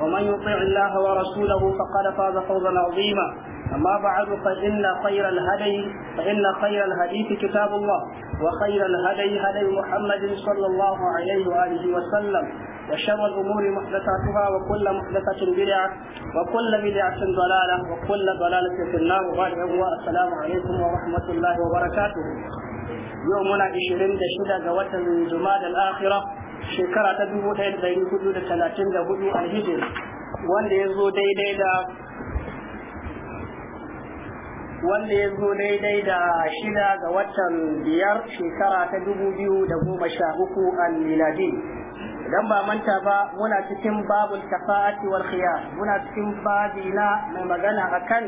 ومن يطع الله ورسوله فقد فاز فوزا عظيما أما بعد فإن خير الهدي فإن خير الحديث كتاب الله وخير الهدي هدي محمد صلى الله عليه وآله وسلم وشر الأمور محدثاتها وكل محدثة بدعة وكل بدعة ضلالة وكل ضلالة في النار وبعد السلام عليكم ورحمة الله وبركاته يومنا 26 ga watan Juma'a al shekara ta dubu ɗaya da ɗari hudu da talatin da hudu alhijir wanda ya zo daidai da wanda ya zo daidai da shida ga watan biyar shekara ta dubu biyu da goma sha uku a miladi idan ba manta ba muna cikin babul tafa'ati wal khiyar muna cikin na mai magana akan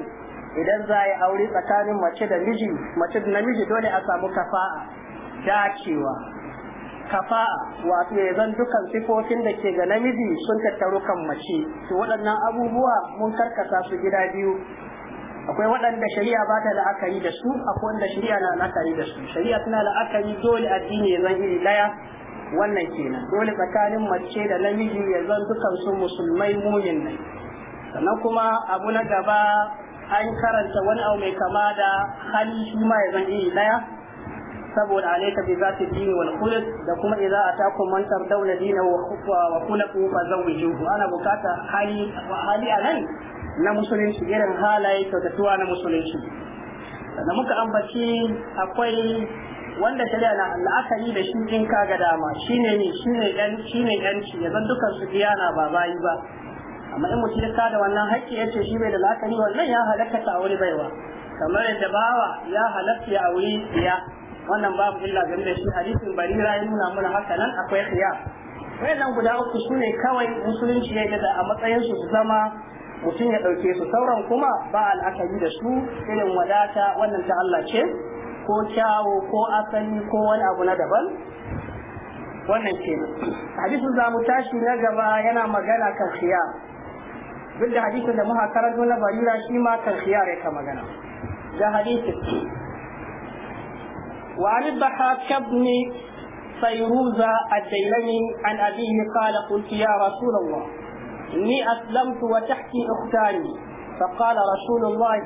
idan za a yi aure tsakanin mace da miji mace da namiji dole a samu kafa'a dacewa kafa'a wato ya zan dukan sifofin da ke ga namiji sun tattaru kan mace to waɗannan abubuwa mun karkasa su gida biyu akwai waɗanda shari'a ba ta la'akari da su akwai wanda shari'a na la'akari da su shari'a tana la'akari dole addini ya zan iri ɗaya wannan kenan dole tsakanin mace da namiji ya zan dukan su musulmai mumin nan sannan kuma abu na gaba an karanta wani abu mai kama da hali shi ma ya zan iri ɗaya saboda alayka bi zati dini wal khulq da kuma idza atakum man tardawna dinahu wa khufwa wa khulqu fazawwijuhu ana bukata hali hali anan na musulunci irin halaye kyautatuwa na musulunci da muka ambaci akwai wanda shari'a na la'akari da shi in ka ga dama shine ne shine yan shine yanci yanzu dukkan su diyana ba bayi ba amma in mutum ya da wannan haƙƙi ya ce shi bai da la'akari wannan ya halatta ta aure baiwa kamar da bawa ya halatta ya wuri ya wannan babu illa game da shi hadisin barira ya nuna mana haka nan akwai khiya wayannan guda uku su ne kawai musulunci ya da a matsayin su su zama mutum ya ɗauke su sauran kuma ba al'akari da su irin wadata wannan ta Allah ce ko kyawo ko asali ko wani abu na daban wannan ce hadisin za mu tashi na gaba yana magana kan duk da hadisin da muka karanto na barira shi ma kan khiya ya ka magana da hadisin وعن الضحاك بن فيروز الديلمي عن أبيه قال قلت يا رسول الله إني أسلمت وتحكي أختاني فقال رسول الله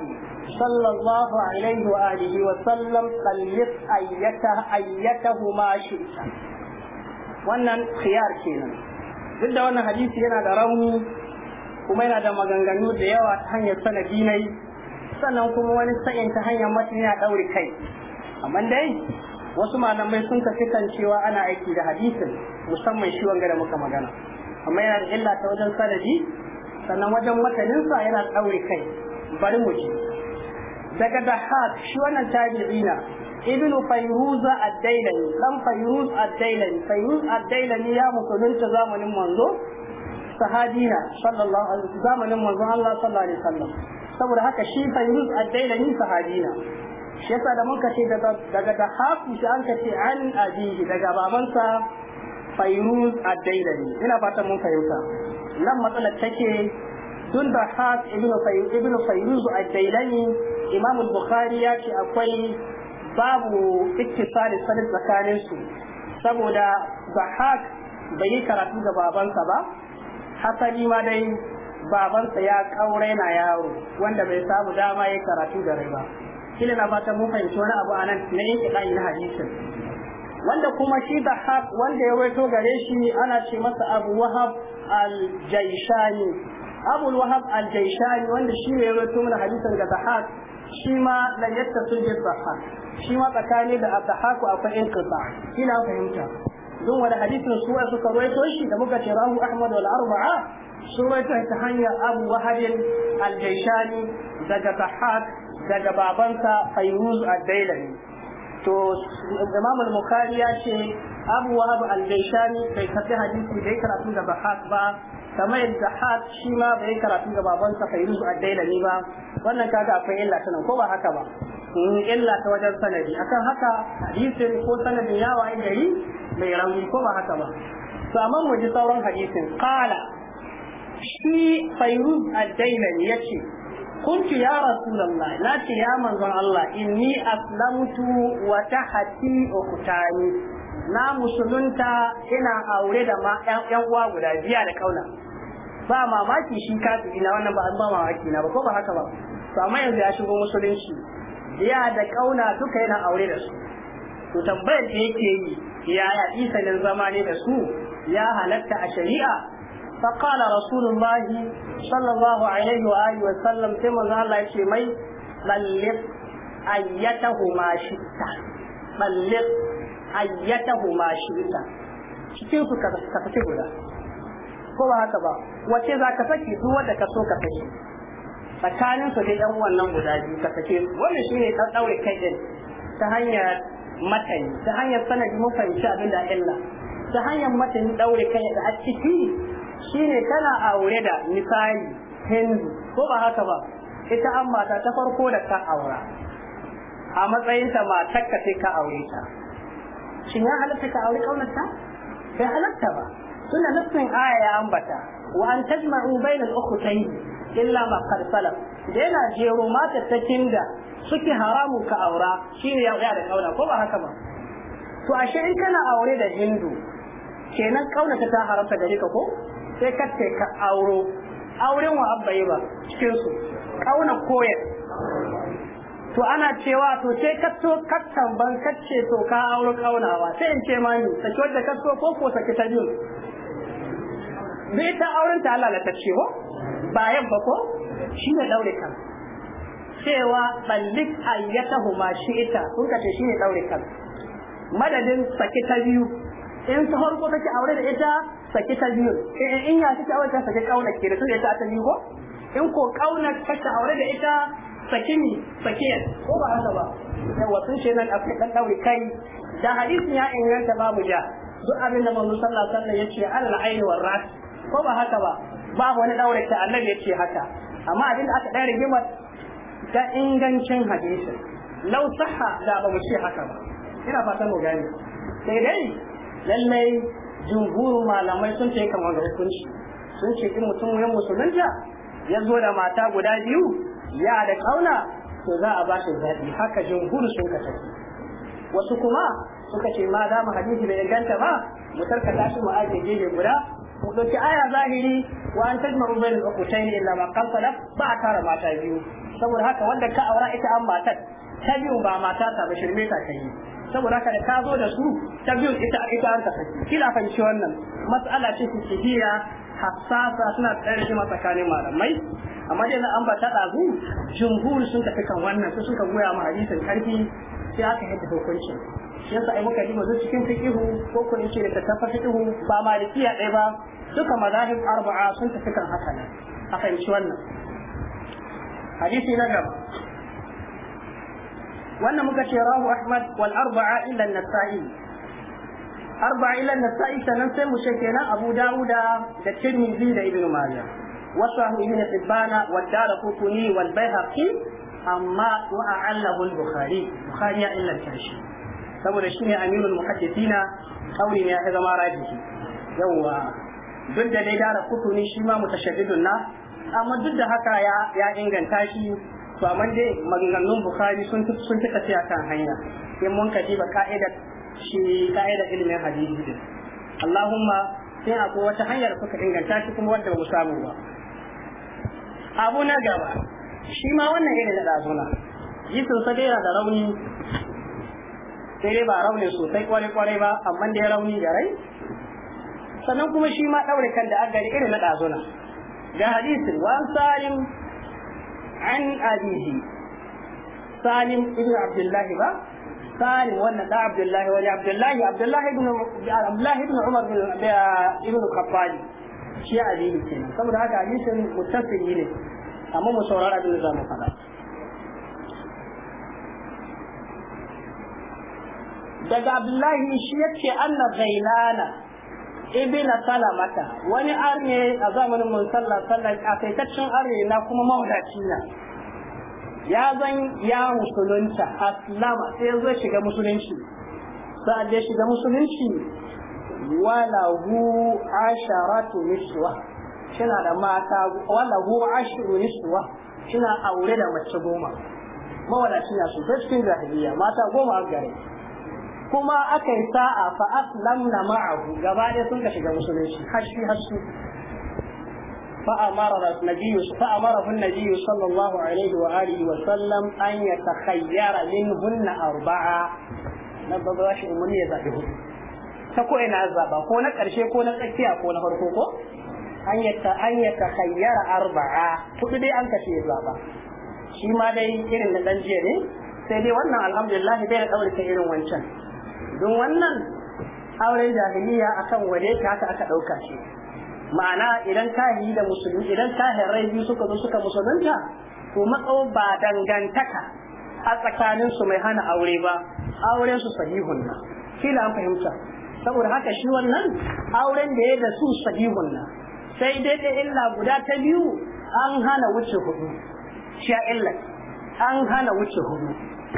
صلى الله عليه وآله وسلم طلق أيته ما شئت وانا خيار كينا ضد وأن حديث هنا دروني kuma yana da maganganu da yawa ta hanyar sanadi na yi sannan kuma wani sa'in ta amma dai wasu malamai sun kafi kan cewa ana aiki da hadisin musamman shi wanga da muka magana amma yana da illa ta wajen sanadi sannan wajen mataninsa yana ɗaure kai bari mu ji daga da shi wannan na, ibnu fayruz ad-dailani dan fayruz ad-dailani fayruz ad-dailani ya musulunta zamanin manzo sahabina sallallahu alaihi zamanin manzo Allah sallallahu alaihi wasallam saboda haka shi fayruz ad-dailani sahabina shi yasa da muka ce daga da haku shi an kace an abihi daga babansa fairuz ad-dailami ina fatan mun fahimta nan matsalar take tun da haq ibnu fairuz ibnu fairuz ad imam al-bukhari ya ce akwai babu ittisali sanin tsakanin su saboda zahak bai yi karatu ga babansa ba hasali ma dai babansa ya kaure yaro wanda bai samu dama ya karatu da rai ba kila na fatan mun fahimci wani abu a nan na yanke kai na hadisin wanda kuma shi da hab wanda ya waito gare shi ana ce masa abu wahab al-jaishani abu wahab al-jaishani wanda shi ne ya waito mana hadisin da dahab shi ma yadda sun bi dahab shi ma tsakani da abdahaku akwai inqita kila fahimta don wani hadisin su wa suka shi da muka ce rahu ahmad wal arba'a sun rawaito ta hanyar abu wahabin al-jaishani daga dahab daga babansa fayruz ad-dailami to imam al-bukhari ya ce abu wahab al-baishani bai kafi hadisi bai karatu da bahak ba kamar yadda hak shi ma bai karatu da babansa fayruz ad-dailami ba wannan kaga akwai illa tana ko ba haka ba hmm, illa ta wajen sanadi akan haka hadisin ko sanadin ya ai gari mai rauni ko ba haka ba to amma mu ji sauran hadisin qala shi fayruz ad-dailami yace kuntu ya rasulullah na ce ya manzon Allah inni aslamtu wa tahati ukhtani na musulunta ina aure da ma yan uwa guda biya da ƙauna. ba mamaki shi kafiri na wannan ba ba mamaki na ba ko ba haka ba to amma yanzu ya shigo musulunci biya da ƙauna duka yana aure da su Ku tambayar da yake yi yaya isanin zama ne da su ya halatta a shari'a فقال رسول الله صلى الله عليه وآله وسلم كما الله يشي مي بلغ أيتهما شئت بلغ أيتهما شئت cikin su ka guda ko ba haka ba wace za ka saki duk wanda ka so ka saki tsakanin su da yan wannan guda biyu ka sake su wannan shine daure kai din ta hanyar matan ta hanyar sanadi mun fahimci abin da illa ta hanyar matan daure kai da a ciki shine kana aure da misali hindu ko ba haka ba ita an mata ta farko da ka aura a matsayinta matar ka sai ka aure ta shin ya halatta ka aure kaunarta bai halatta ba tunda nufin aya ya ambata wa an tajma'u bainal ukhtayn illa ma qad salaf da yana jero matar takin da suke haramu ka aura shine ya da kauna ko ba haka ba to ashe in kana aure da hindu kenan kaunata ta haramta gare ka ko sai ka ce ka auro auren wa abba yi ba cikin su kauna koyar to ana cewa to sai ka so ka tamban ka ce to ka auro kaunawa sai in ce ma ni saki wadda ka so ko saki ta biyu bai ta auren ta Allah ta ce ko bayan ba ko shi ne daure kan cewa ballik ayyatahu ma shi'ita kun ka ce shi ne daure kan madadin saki ta biyu in ta farko kake aure da ita sake ta biyu eh, in ya kake aure ta saki kauna ke da su ita ta biyu ko in ko kauna kake aure da ita saki ni saki ko ba haka ba yawa sun ce nan akwai dan daure kai da hadisin ya inganta babu ja duk abin da manzo sallallahu alaihi wasallam yace alal aini war ras ko ba haka ba babu wani daure ta annabi yace haka amma abin da aka dan rigimar da ingancin hadisin lau sahha da ba mu ce haka ba ina fatan mu gane sai dai lallai jumhuru malamai sun ce kamar hukunci sun ce in mutum ya musulunta ya zo da mata guda biyu ya da kauna to za a ba shi zaɓi haka jumhur sun ka tafi wasu kuma suka ce ma za mu hadisi bai ganta ba mu tarkata shi mu aje gefe guda mu ɗauki aya zahiri wa an tajmaru bain al-ukhtayn illa ma qad ba a tara mata biyu saboda haka wanda ka aura ita an matar ta biyu ba mata ta ba shirme ta kai saboda haka da ka zo da su ta biyu ita ita an ta kila fahimci wannan mas'ala ce fiqhiyya hassasa suna tsare shi tsakanin malamai amma dai an ba ta ɗazu, jumhur sun tafi kan wannan su suka goya ma hadisin karfi sai aka yadda hukuncin shi yasa ai muka diba cikin fiqhu ko ko yace da tafa fiqhu ba malikiya dai ba duka mazahib arba'a sun tafi kan haka ne a fahimci wannan hadisi na gaba wannan muka ce rahu ahmad wal arba'a illa nasai arba'a illa nasai sannan sai mu ce kenan abu dauda da tirmidhi da ibnu majah wasahu ibnu hibana wa darqutni wal baihaqi amma wa a'allahu al-bukhari bukhari illa kashi saboda shine amirul muhaddithina kauli ne ya zama rajihi yawa duk da dai dara kutuni shi ma mutashaddidun na amma duk da haka ya ya inganta shi to amma dai maganganun bukari sun sun tuka ce kan hanya in mun kaji ba ka'ida shi ka'ida ilimin hadisi din Allahumma sai akwai wata hanyar kuka inganta shi kuma wanda ba mu samu ba abu na gaba shi ma wannan irin da dazuna jikin sa dai da rauni sai dai ba rauni sosai kwarai kwarai ba amma dai rauni da rai sannan kuma shi ma daure kan da aka irin na dazuna ga hadisin wa salim an abihi salim ibn abdullahi ba salim wannan da abdullahi wani abdullahi abdullahi ibn abdullahi ibn umar bin ibn khaffali shi abihi kenan saboda haka hadisin mutasili ne amma mu saurara abin da za mu faɗa daga abdullahi shi yace anna zailana ibn mata wani arne a zamanin mun sallah sallah a taitaccen arne na kuma mawadaci na ya zan ya musulunta aslama sai zai shiga musulunci sa'ad da shiga musulunci wala hu asharatu niswa kina da mata wala hu ashru niswa kina aure da mace goma mawadaci na sosai cikin jahiliya mata goma a gare kuma aka yi sa'a fa aslam na ma'ahu gaba ɗaya sun ka shiga musulunci hashi hashi fa amara fun najiyu sallallahu alaihi wa wa sallam an ya min hunna arba'a na babba shi umuni ya zaɓi ta ko ina zaɓa ko na ƙarshe ko na tsakiya ko na farko ko an ya arba'a hudu dai an kashe ya zaɓa shi ma dai irin na ɗan jiya ne sai dai wannan alhamdulillah dai na ɗaurin irin wancan don wannan auren jahiliya akan wade ka haka aka ɗauka shi ma'ana idan yi da musulmi idan kahirai biyu suka zo suka musulunta to matsawo ba dangantaka a tsakaninsu mai hana aure ba auren su sahihun na kila an fahimta saboda haka shi wannan auren da ya da su sahihun na sai dai da illa guda ta biyu an hana wuce hudu shi illa an hana wuce hudu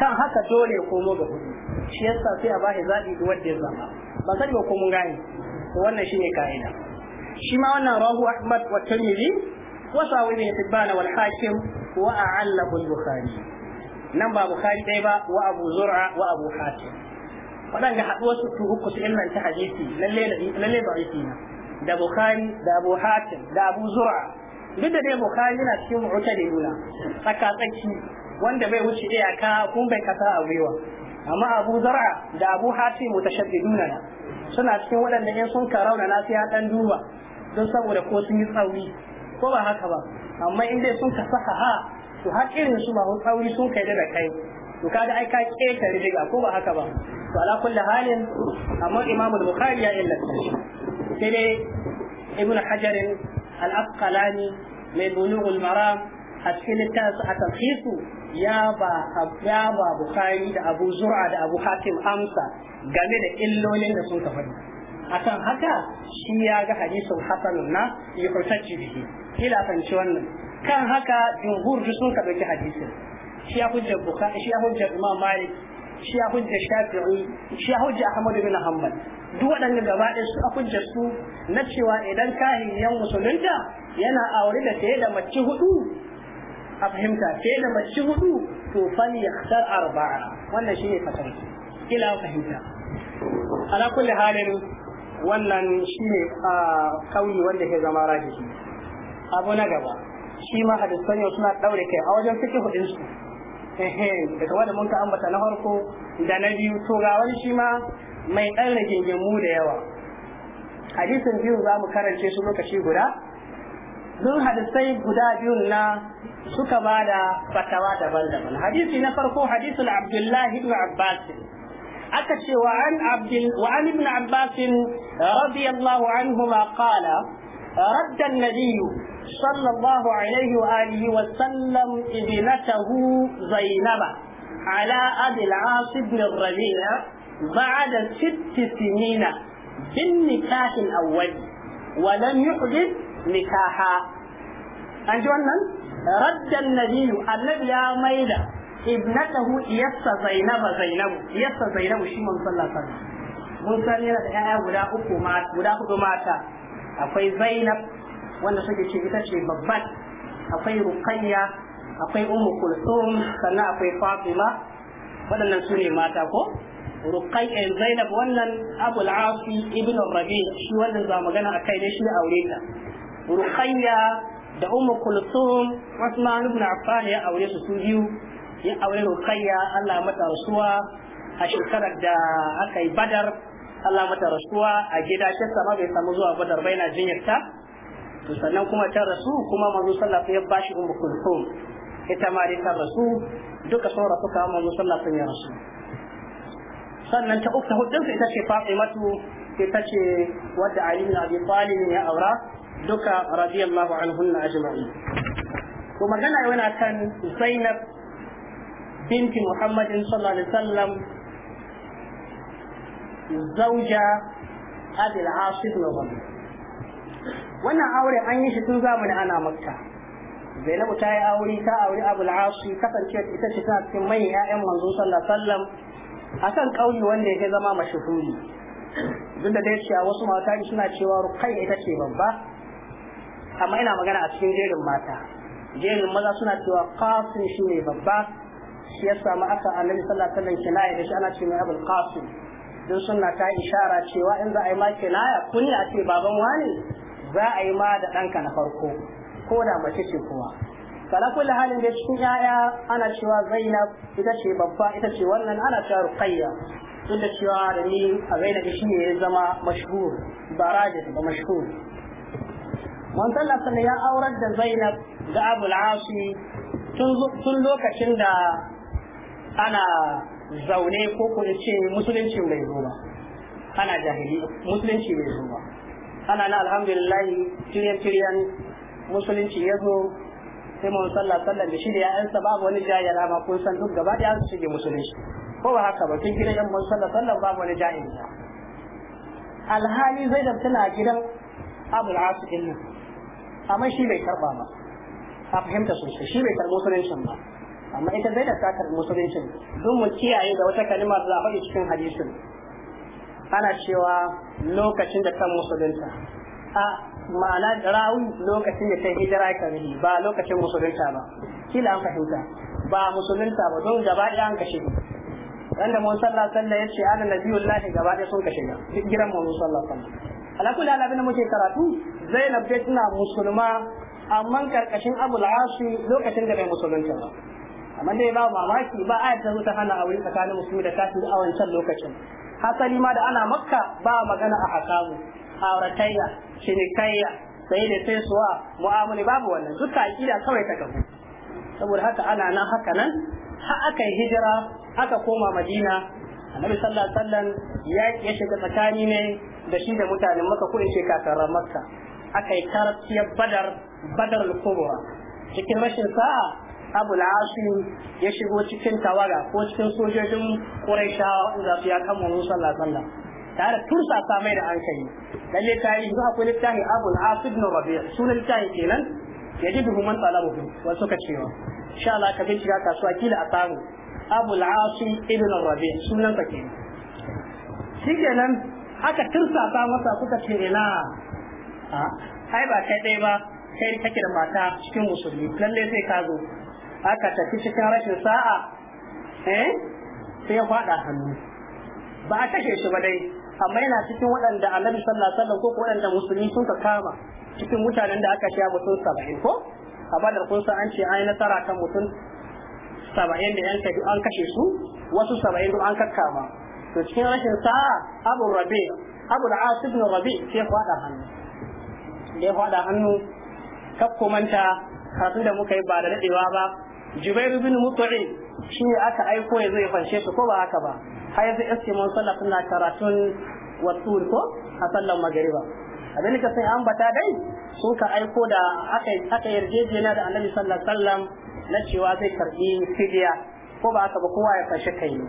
kan haka dole komo ga hudu shi yasa sai a bashi zaɓi da wanda ya zama ba sani ba ko mun gane to wannan shine ka'ida shi ma wannan rahu ahmad wa tirmidhi wa sawi bin hibban wal hakim wa a'alla bukhari nan ba bukhari dai ba wa abu zur'a wa abu hatim waɗanda haduwa su hukku uku nan illanta hadisi lalle lalle ba na da bukhari da abu hatim da abu zur'a duk da dai bukhari yana cikin mu'tadiluna tsaka tsaki wanda bai wuce iyaka kun bai kasa a gwiwa amma abu zar'a da abu hati mutashaddiduna suna cikin waɗanda in sun karauna na sai dan duba don saboda ko sun yi tsauri ko ba haka ba amma in dai sun ka saka ha to har irin su ba tsauri sun kai da kai to kaga ai ka keta rijiga ko ba haka ba to ala kulli halin amma imamu bukhari ya illa sai dai Ibn hajar al-asqalani mai bulughul maram a cikin littafin a tarhisu ya ba ya ba Bukhari da Abu Zur'a da Abu Hakim amsa game da illolin da sun ka faɗi akan haka shi ya ga hadisin hasanun na ya hurtacci bihi ila fanci wannan kan haka jumhur sun ka ɗauki hadisin shi ya hujjar Bukhari shi ya hujjar Imam Malik shi ya hujjar shafi'i shi ya hujjar Ahmadu bin hanbal duk waɗanda gaba ɗaya su a hujjar su na cewa idan kahin yan musulunta yana aure da tsaye da mace hudu a fahimta sai da mace hudu to fal yakhtar arba'a wannan shine fatan ila fahimta ala kulli halin wannan shine kauli wanda ke zama rajihi abu na gaba shi ma hadisan yau suna daure kai a wajen fiqh hudin su daga wanda mun ka ambata na farko da na biyu to ga wani shi ma mai dan rage da yawa hadisin biyu za mu karance su lokaci guda sun hadisai guda biyun na suka ba da fatawa daban-daban hadisi na farko hadisul abdullahi ibn abbas aka ce wa an abdul wa an ibn abbas radiyallahu anhuma qala رد النبي صلى الله عليه وآله وسلم ابنته زينب على أبي العاص بن الربيع بعد ست سنين بالنكاح الأول ولم يحدث nikaha an ji wannan raddan nabiyu annabi ya maida ibnatahu yassa zainaba zainabu yassa zainabu shi man sallallahu alaihi wasallam mun san yana da ƴaƴa guda uku mata guda uku mata akwai zainab wanda take ce ita ce babban akwai ruqayya akwai ummu kulthum sannan akwai fatima waɗannan su ne mata ko rukai eh, zainab wannan abul afi ibn rabi shi wannan za magana a kai ne shi aure ta ruqayya da ummu kulsum usman ibn affan ya aure su su biyu ya aure ruqayya Allah mata rasuwa a shekarar da aka yi badar Allah mata rasuwa a gida ce sama bai samu zuwa badar na jinyar jinyarta to sannan kuma ta rasu kuma manzo sallallahu alaihi wasallam ya bashi ummu kulsum ita ma dai ta rasu duka sun suka kawo manzo sallallahu alaihi wasallam ya rasu sannan ta uku hudun ita ce Fatimatu ita ce wadda Ali bin Abi Talib ya aura duka radiyallahu anhunna ajma'in to magana yana kan Zainab binti Muhammadin sallallahu alaihi wasallam zauja Abi Asif ne ibn wannan aure an yi shi tun zamanin ana Makka Zainabu ta yi aure ta aure Abu al-As kasance ita ce ta cikin manyan ƴaƴan manzo sallallahu alaihi wasallam akan kauli wanda ya zama mashhuri duk da dai a wasu mata suna cewa Ruqayya ita ce babba amma ina magana a cikin jerin mata jerin maza suna cewa qasim shine babba shi ya samu aka annabi sallallahu alaihi wasallam kinaya da shi ana cewa abul qasim don sunna ta ishara cewa in za a yi ma kinaya kunya ce baban wani za a yi ma da ɗanka na farko ko da mace ce kuma kala halin da cikin yaya ana cewa zainab ita ce babba ita ce wannan ana cewa ruqayya da cewa da ni a zainab shi ne ya zama mashhur baraji rajin ba mashhur wannan Allah ya aurar da Zainab da Abu al asim tun lokacin da ana zaune ko ko ce musulunci bai zo ba ana jahili musulunci bai zo ba ana na alhamdulillah tiriyan tiriyan musulunci ya zo sai mun sallah sallah da shi da ya'yansa babu wani jahila ma kun san duk gaba da su shige musulunci ko ba haka ba tun gidan mun sallah sallah babu wani jahili alhali zainab tana gidan abul asu amma shi bai karba ba ta fahimta sosai shi bai karbi musulunci ba amma ita zai da sakar musulunci don mu kiyaye da wata kalima da zafi cikin hadisin ana cewa lokacin da kan musulunta a ma'ana rawu lokacin da sai hijira ka ba lokacin musulunta ba kila an fahimta ba musulunta ba don gaba ɗaya an kashe wanda mun sallah sallah ya ce ana nabiyullahi gaba ɗaya sun kashe duk giran mun sallah sallah alakul da da muke karatu zainab dai tana musulma amma karkashin abu ashi lokacin da bai musulunta ba amma dai ba mamaki ba ayat ta ta hana aure tsakanin musulmi da kafiri a wancan lokacin hasali ma da ana makka ba magana a hakamu auratayya cinikayya sai da sai suwa Mu'amuni babu wannan duk aqida kawai ta kafu saboda haka ana nan haka nan har aka yi hijira aka koma madina annabi sallallahu alaihi wasallam ya shiga tsakani ne da shi da mutanen maka ko ka kakarar makka aka yi karfiyar badar badar kubra cikin rashin sa'a abu asim ya shigo cikin tawaga ko cikin sojojin quraishawa da su ya kama musu sallah. alaihi wasallam tare tursa ta mai da hankali lalle ta yi zuwa ta yi abu asim ibn rabi' sunan littafi kenan duhu man talabu wa suka cewa insha Allah ka bincika kasuwa kila a samu abu asim ibn rabi' sunan ka kenan shikenan aka tursasa masa suka ce ina ai ba kai dai ba kai kake da mata cikin musulmi lalle sai ka zo aka tafi cikin rashin sa'a eh sai ya fada hannu ba a kashe shi ba dai amma yana cikin waɗanda annabi sallallahu alaihi wasallam ko waɗanda musulmi sun ka kama cikin mutanen da aka shiya mutum saba'in ko amma da kun san an ce an yi nasara kan mutum saba'in da yanka an kashe su wasu saba'in an kakkama to cikin rashin sa'a abu rabi abu da as rabi ke ya fada hannu da ya fada hannu kakko manta kasu da muka yi ba da daɗewa ba jibairu bin mutu'i shi ne aka aiko ya zai fanshe su ko ba haka ba har yanzu iske mun sallah suna karatun wasul ko a sallan magariba abin da sai bata dai sun ka aiko da aka yarjejena da annabi sallallahu alaihi wasallam na cewa zai karbi fidiya ko ba haka ba kowa ya fashe kai ne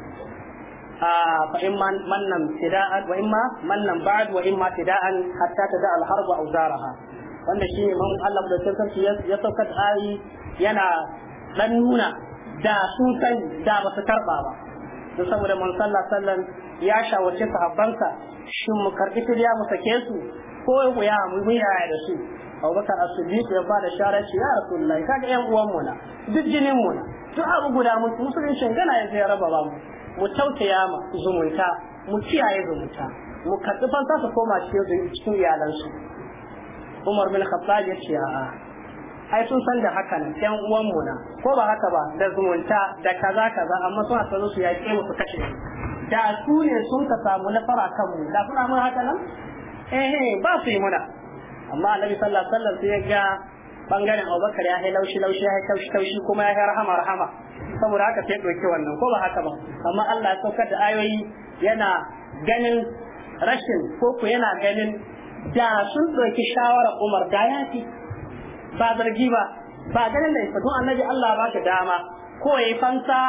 fa in mannan tida'an wa imma mannan ba'd wa imma tida'an hatta tada al-harb awzaraha wanda shi ne mamun Allah da sarki ya saukar ayi yana dan nuna da sun san da ba su karba ba don saboda man sallah sallan ya shawarci sahabbansa shin mu karbi fidiya mu sake su ko ya mu yaya da su abubakar as-siddiq ya fara shara ce ya rasulullahi kaga yan uwan mu na duk jinin mu na duk abu guda mu musulunci gana yanzu ya raba ba mu mu tausaya ma zumunta mu kiyaye zumunta mu karɓi fansa su koma cikin iyalansu umar bin khattab ya ce a, ai sun san da hakan yan uwan mu na ko ba haka ba da zumunta da kaza kaza amma suna tsaro su ya ke musu kashe da su ne sun ka samu nasara kan mu da suna mun haka nan eh, eh ba su yi muna amma annabi sallallahu alaihi wasallam sai ya ga bangaren abubakar ya laushi laushi ya taushi taushi kuma ya yi rahama rahama saboda haka sai ɗauki wannan ko ba haka ba amma Allah ya saukar da ayoyi yana ganin rashin ko ku yana ganin da sun ɗauki shawarar Umar da ya fi ba zargi ba ba ganin da isa don annabi Allah ba shi dama ko ya yi fansa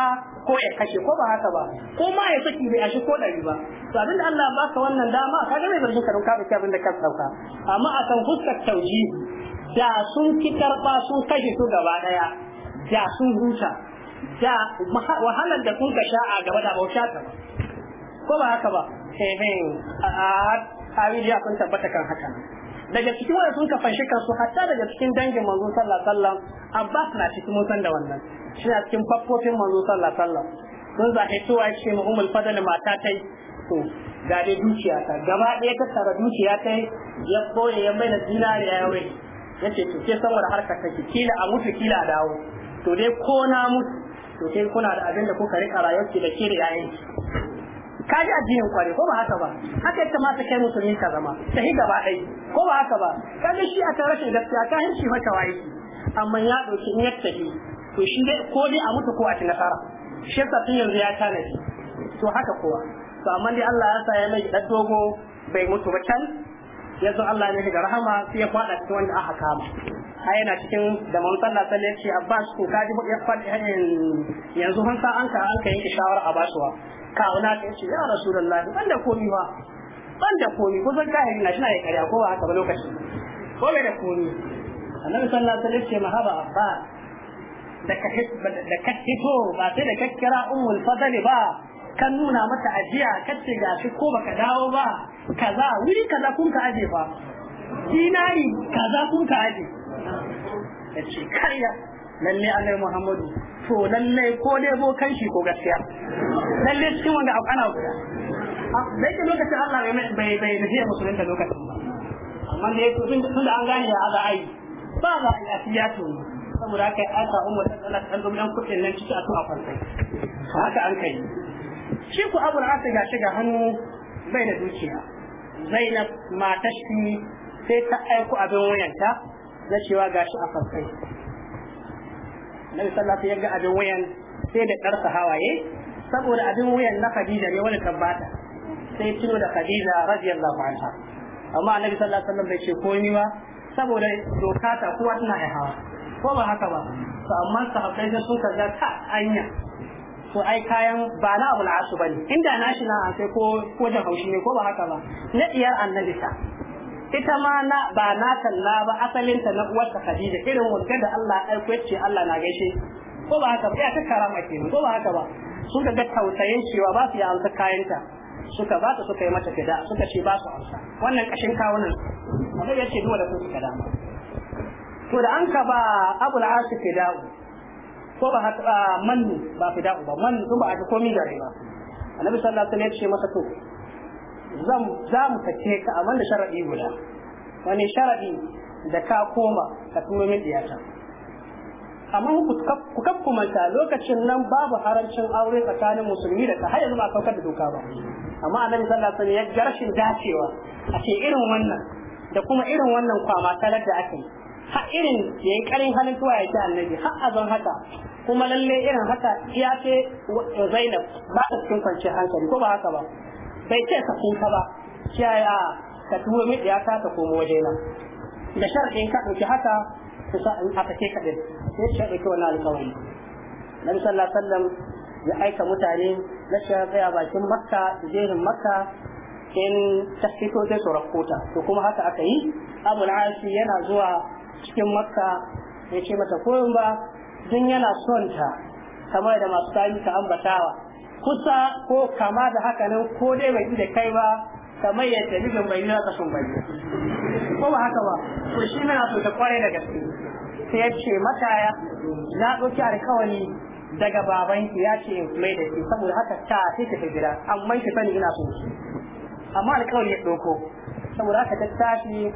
ko ya kashe ko ba haka ba ko ma ya saki bai ashe ko ɗari ba to abinda Allah ba ka wannan dama ka ga mai zargin ka don ka abin abinda ka sauka amma a kan fuskar tauhidi da sun ki karɓa sun kashe su gaba ɗaya da sun huta da wahalar da kun kasha a gaba da bauta ta ba ko ba haka ba eh eh a kun tabbata kan haka daga cikin wanda sun kafa shi kansu hatta daga cikin dangin manzo sallallahu alaihi wasallam Abbas na cikin mutan da wannan shi na cikin faffofin manzo sallallahu alaihi wasallam sun zahe tuwa ce mu umul fadal mata tai to ga dai dukiya ta gaba ɗaya ta tara dukiya ta ya koye ya mai da dinariya ya wuri yace to ke san wani harkar kake kila a mutu kila a dawo to dai ko na mutu to kai kuna da abin da kuka rika ki da ke da yayin ka ji addinin kware ko ba haka ba haka ma kamata kai musulmi ka zama ta hi gaba dai ko ba haka ba ka shi a tare da gaskiya ka hin shi maka waye amma ya ɗauki in yadda shi to shi dai ko dai a mutu ko a ci nasara shi yasa tun yanzu ya tanadi to haka kowa to amma dai Allah ya sa ya mai dan dogo bai mutu ba can yanzu Allah ne da rahama sai ya fada cikin wanda aka kama A yana cikin da mun sallah sallah yace Abbas ko kaji ya fadi yanzu han sa an ka an ka yanke shawara a basuwa ka wala ka yace ya rasulullahi ban da komi ba ban da komi ko zan kai na shina ya kariya ko ba haka ba lokaci ko bai da komi annabi sallallahu alaihi wasallam yace mahaba Abbas da ka da ka hito ba sai da ka kira ummul fadli ba kan nuna mata ajiya kace gashi ko baka dawo ba kaza wuri kaza kun ka aje fa dinari kaza kun ka aje ya ce karya lalle annabi muhammadu to lalle ko dai bo kan shi ko gaskiya lalle cikin wanda abu ana guda bai yake lokacin Allah bai bai nufi ya musulun da lokacin ba amma da yake tun da an gane ya za a yi ba za a yi a fiya to saboda haka an sa umar ta tsala ta domin kuɗin nan ciki a to a farsai haka an kai shi ku abu da shiga hannu bai da dukiya zainab mata shi sai ta aiko abin wayanta na cewa gashi a farkai nabi sallallahu ya ga abin wayan sai da ɗarsa hawaye saboda abin wayan na khadija ne wani tabbata sai tuno da khadija radiyallahu anha amma annabi sallallahu alaihi wasallam bai ce ni ba saboda doka ta kowa tana hawa ko ba haka ba to amma sahabbai sun kaza ta anya to ai kayan ba na abul asu bane inda na shi na sai ko ko da haushi ne ko ba haka ba na diyar annabi ta ita ma na ba na talla ba asalin ta na uwarta Khadija irin wanda da Allah ya aiko yace Allah na gaishe ko ba haka ba ya ta karama ke ko ba haka ba sun ga tausayin cewa ba su yi amsa kayanta suka ba ta suka yi mata fida suka ce ba su amsa wannan kashin kawunan wanda ya ce duwa da su dama to da an ka ba abul asu fida'u ko ba haka mannu ba da'u ba mannu sun ba a ji komi gare ba annabi sallallahu alaihi wasallam ya ce masa to zan za mu sake ka amma da sharadi guda wani sharadi da ka koma ka tuno min diyata amma ku manta lokacin nan babu harancin aure tsakanin musulmi da har yanzu ba saukar da doka ba amma annabi sallallahu alaihi wasallam ya garshin dacewa a ce irin wannan da kuma irin wannan kwama talar da ake har irin yayin karin halin tuwa ya ce annabi har azan haka kuma lalle irin haka ya ce Zainab ba ta cikin kwanciyar hankali ko ba haka ba bai ce ka kuka ba kiyaye a ka tuwo mi ya ta komo waje na da sharadin ka dauki haka ku sa in aka ce ka din sai ka wannan alƙawari Nabi sallallahu alaihi ya aika mutane na tsaya bakin Makka jerin Makka in ta fito su rakota to kuma haka aka yi Abu na yana zuwa cikin Makka ya ce mata koyon ba tun yana son ta kamar da masu sami ka ambatawa kusa ko kama da haka nan ko dai bai da kai ba kamar yadda mijin bai nuna kasan bai ko ba haka ba to shi na so ta kware da gaske sai ya ce mataya na ɗauki alkawari daga ki ya ce in mai da shi saboda haka ta sai ta gida amma ki sani ina so amma alkawari ya ɗauko saboda haka ta tashi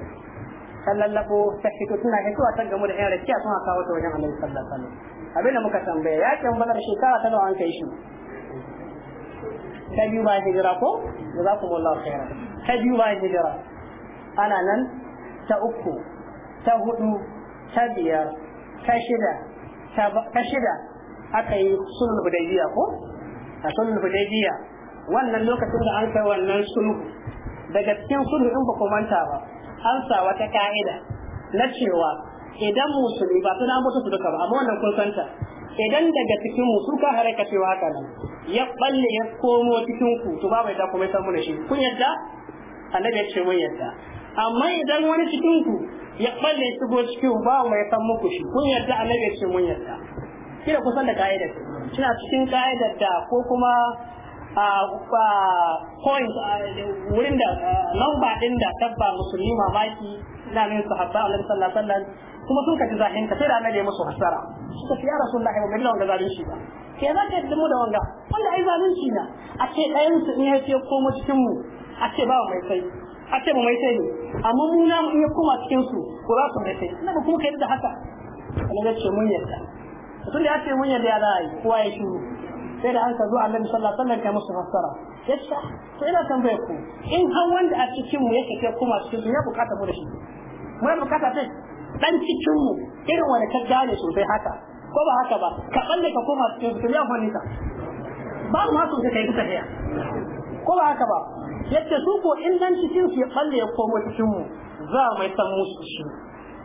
ta ta fito suna kai hitowa ta gamu da yan rakiya sun kawo ta wajen Allah sallallahu alaihi wasallam abin da muka tambaya ya yakin badar shekara ta nawa an kai shi ta biyu bayan hijira ko za ku jazakumullahu khaira ta biyu bayan hijira ana nan ta uku ta hudu ta biyar ta shida ta shida aka yi sulhul hudaybiya ko a sulhul hudaybiya wannan lokacin da an kai wannan sulhu daga cikin sulhu in ba ku manta ba Hansa wata ka'ida na cewa idan musulmi ba suna mutu su duka ba amma wannan kun santa idan daga cikin mu su ka haraka cewa haka nan ya balle ya komo cikin ku to ba mai da kuma san mu da shi kun yadda annabi ya ce mun yadda amma idan wani cikin ku ya balle ya shigo cikin ba mai san muku shi kun yadda annabi ya ce mun yadda kina kusan da ka'idar kina cikin ka'idar da ko kuma point wurin da lamba din da tabba musulmi mamaki na min sahabba Allah sallallahu alaihi wasallam kuma sun kaji zahin ka sai da annabi musu hasara suka ce ya rasulullahi mun ga zalin shi ba ke za ka dimu da wanga wanda ai zalunci na a ce ɗayan su in ya ce komo cikin mu a ce ba mai sai a ce mu mai sai ne amma mu na mu in ya koma cikin su ko za su mai sai ina kuma kai da haka Allah ya ce mun yarda tun da ya ce mun yarda ya za a yi kowa ya shiru sai da an ka zo annabi sallallahu alaihi wasallam kai musu fassara yace to ina tambaye ku in har wanda a cikin mu yake kai kuma cikin mu ya bukata mu da shi mu bukata sai dan cikin mu irin wani ka gane sosai haka ko ba haka ba ka balle ka koma cikin su ya fani ka ba mu hasu kai ku tafiya? ko ba haka ba yace su ko in dan cikin su ya balle ya komo cikin mu za mai san musu shi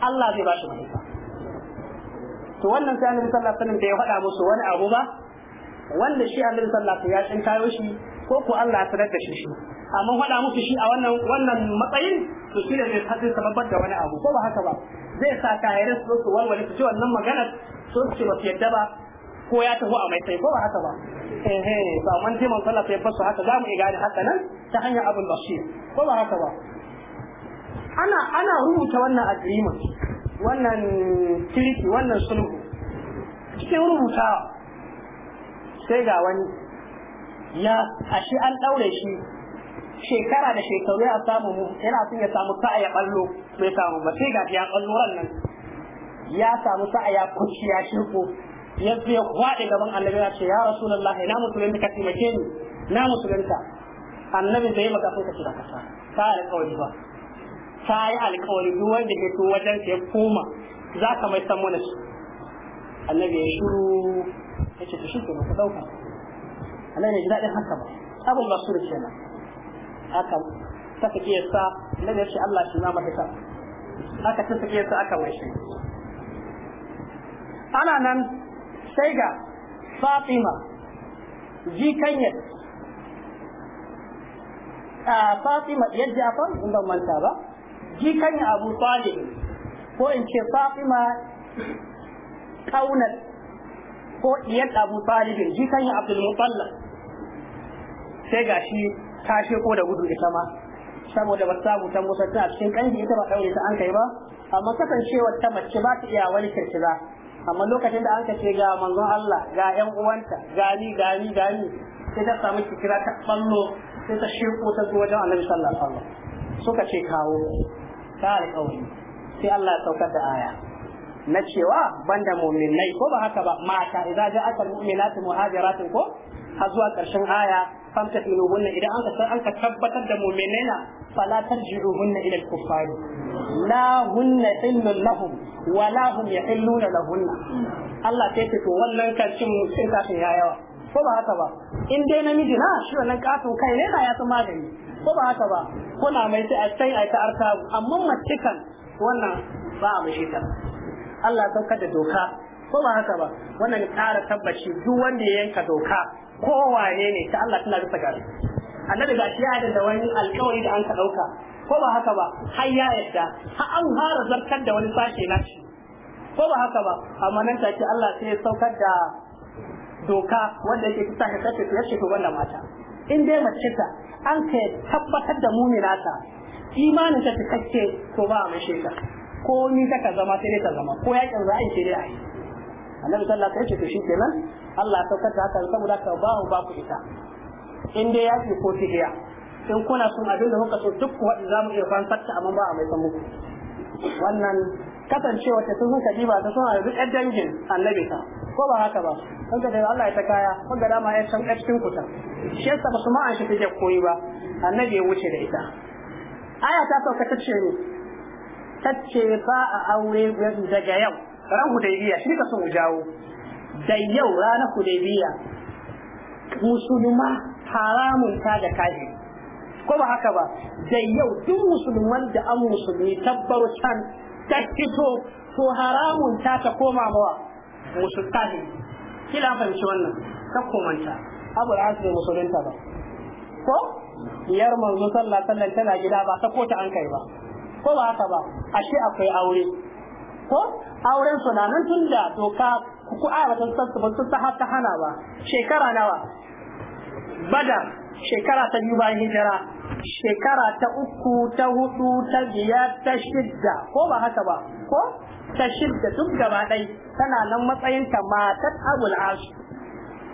Allah zai ba shi mahaifa to wannan sai annabi sallallahu alaihi wasallam da ya faɗa musu wani abu ba wanda shi annabi sallallahu alaihi wasallam ya kayo shi ko ko Allah ya sanar da shi shi amma faɗa musu shi a wannan wannan matsayin to shi ne zai sababar da wani abu ko ba haka ba zai sa kayarin su su walwale su ci wannan maganar su ce ba su yadda ba ko ya taho a mai sai ko ba haka ba eh eh to amma sai man sallah sai fasu haka zamu iya gane haka nan ta hanyar abul basir ko ba haka ba ana ana rubuta wannan agreement wannan kirki wannan sulhu cikin rubutawa sai ga wani ya ashe an daure shi shekara da shekaru ya samu mu yana son ya samu sa'a ya ballo bai samu ba sai ga ya ballo nan ya samu sa'a ya kuci ya shirko ya zai kwaɗe gaban annabi ya ce ya rasulullah ina musulunta ka taimake ni na musulunta annabi da maka sun ka da kasa ta alƙawari ba ta yi alƙawari duk wanda ke so wajen ya koma za ka mai san mana su annabi ya shiru yace to shi ke ku dauka Allah ne jira dadin haka ba abul basir kenan aka saka kiyasa nabi yace Allah shi na mafita aka ke sa aka mai shi ana nan sai ga Fatima jikanyar a Fatima yadda afan in ban manta ba Jikanya Abu Talib ko in ce Fatima kaunar ko ɗiyar abu talibin kan yi abdul mutallab sai ga shi ta ko da gudu ita ma saboda ba samu ta musa ta cikin kanji ita ba ɗaure ta an kai ba amma kasancewa ta mace ba ta iya wani kirkira amma lokacin da an kace ga manzon Allah ga ƴan uwanta ga ni ga ni ga ni sai ta samu kirkira ta ballo sai ta sheko ta zuwa wajen Annabi sallallahu alaihi wasallam suka ce kawo ta alƙawari sai Allah ya saukar da aya na cewa banda mu'minai ko ba haka ba mata idza ja'at al-mu'minatu muhajiratun ko har zuwa karshen aya famtahinuhunna idan an ka an ka tabbatar da mu'minai na fala tarji'uhunna ila al-kuffar la hunna illun lahum wa la hum yahilluna lahunna Allah sai ce to wannan kan cin cin kafin ya yawa ko ba haka ba in dai namiji na shi wannan katon kai ne na ya san magani ko ba haka ba kuna mai sai a sai a ta artabu amma mace wannan ba a mashi ta Allah saukar da doka ko ba haka ba wannan tsara tabbaci duk wanda ya yanka doka ko wane ne ta Allah tana bisa gari annabi ga shi ya da wani alƙawari da an ka ɗauka ko ba haka ba har ya yadda har an fara zartar da wani sashe na shi ko ba haka ba amma nan ta ce Allah sai ya saukar da doka wanda yake kisa sashe sashe ya shi to wannan mata in dai mace ta an ka tabbatar da muminata imanin ta take to ba a mai shekara ko ni ta ka zama sai ne ta zama ko yakin ra'ayi sai dai ayi annabi sallallahu alaihi wasallam ya ce shi kenan Allah ya saukar da haka saboda ka ba ba ku ita in dai yaki ko tihiya in kuna son abin da kuka so duk kuwa zamu mu iya fanfarta amma ba a mai san muku wannan kasancewa ta sun suka diba ta suna duk ɗan dangin annabi ta ko ba haka ba ga dai Allah ya ta kaya ga dama ya san ɗan cikin ta shi yasa ba su ma an shi take koyi ba annabi ya wuce da ita aya ta sauka ta ce ne tacce ba a aure daga yau ran hudaybiya shi ka so mu jawo da yau ranar hudaybiya musulma haramun ta da kaji ko ba haka ba da yau duk musulman da an musulmi tabbaro can ta fito to haramun ta ta koma mawa musulmi kila fahimci wannan ta komanta abu da asiri musulunta ba ko biyar manzo sallah sallan tana gida ba ta kota an kai ba ko ba haka ba ashe akwai aure ko auren su na nan tunda doka ku a ba san ba sun sa ta hana ba shekara nawa Bada, shekara ta biyu hijira shekara ta uku ta hudu ta biyar ta shidda ko ba haka ba ko ta shidda duk gaba dai tana nan matsayin ta matar abul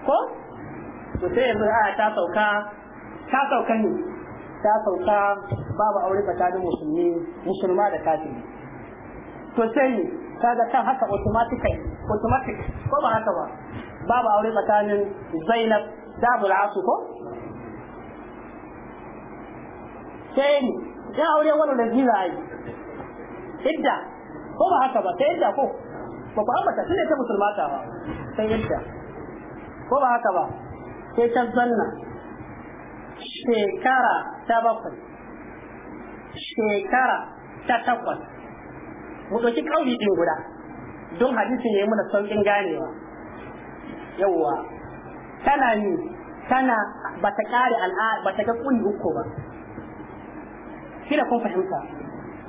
ko to sai yanzu aya ta sauka ta sauka ne ta sauka babu aure tsakanin musulmi musulma da kafiri to sai kaga kan haka automatically automatic ko ba haka ba babu aure tsakanin Zainab da Abdul ko sai ya aure wani da jira ai idda ko ba haka ba sai idda ko ba ku ambata ne ta musulmata ba sai idda ko ba haka ba sai ta zanna shekara ta bakwai shekara ta takwas mu ɗauki kauli ɗin guda don hadisin ya yi mana sauƙin ganewa yawwa tana ne tana ba ta ƙare al'ada ba ta ga ƙuri uku ba kina kun fahimta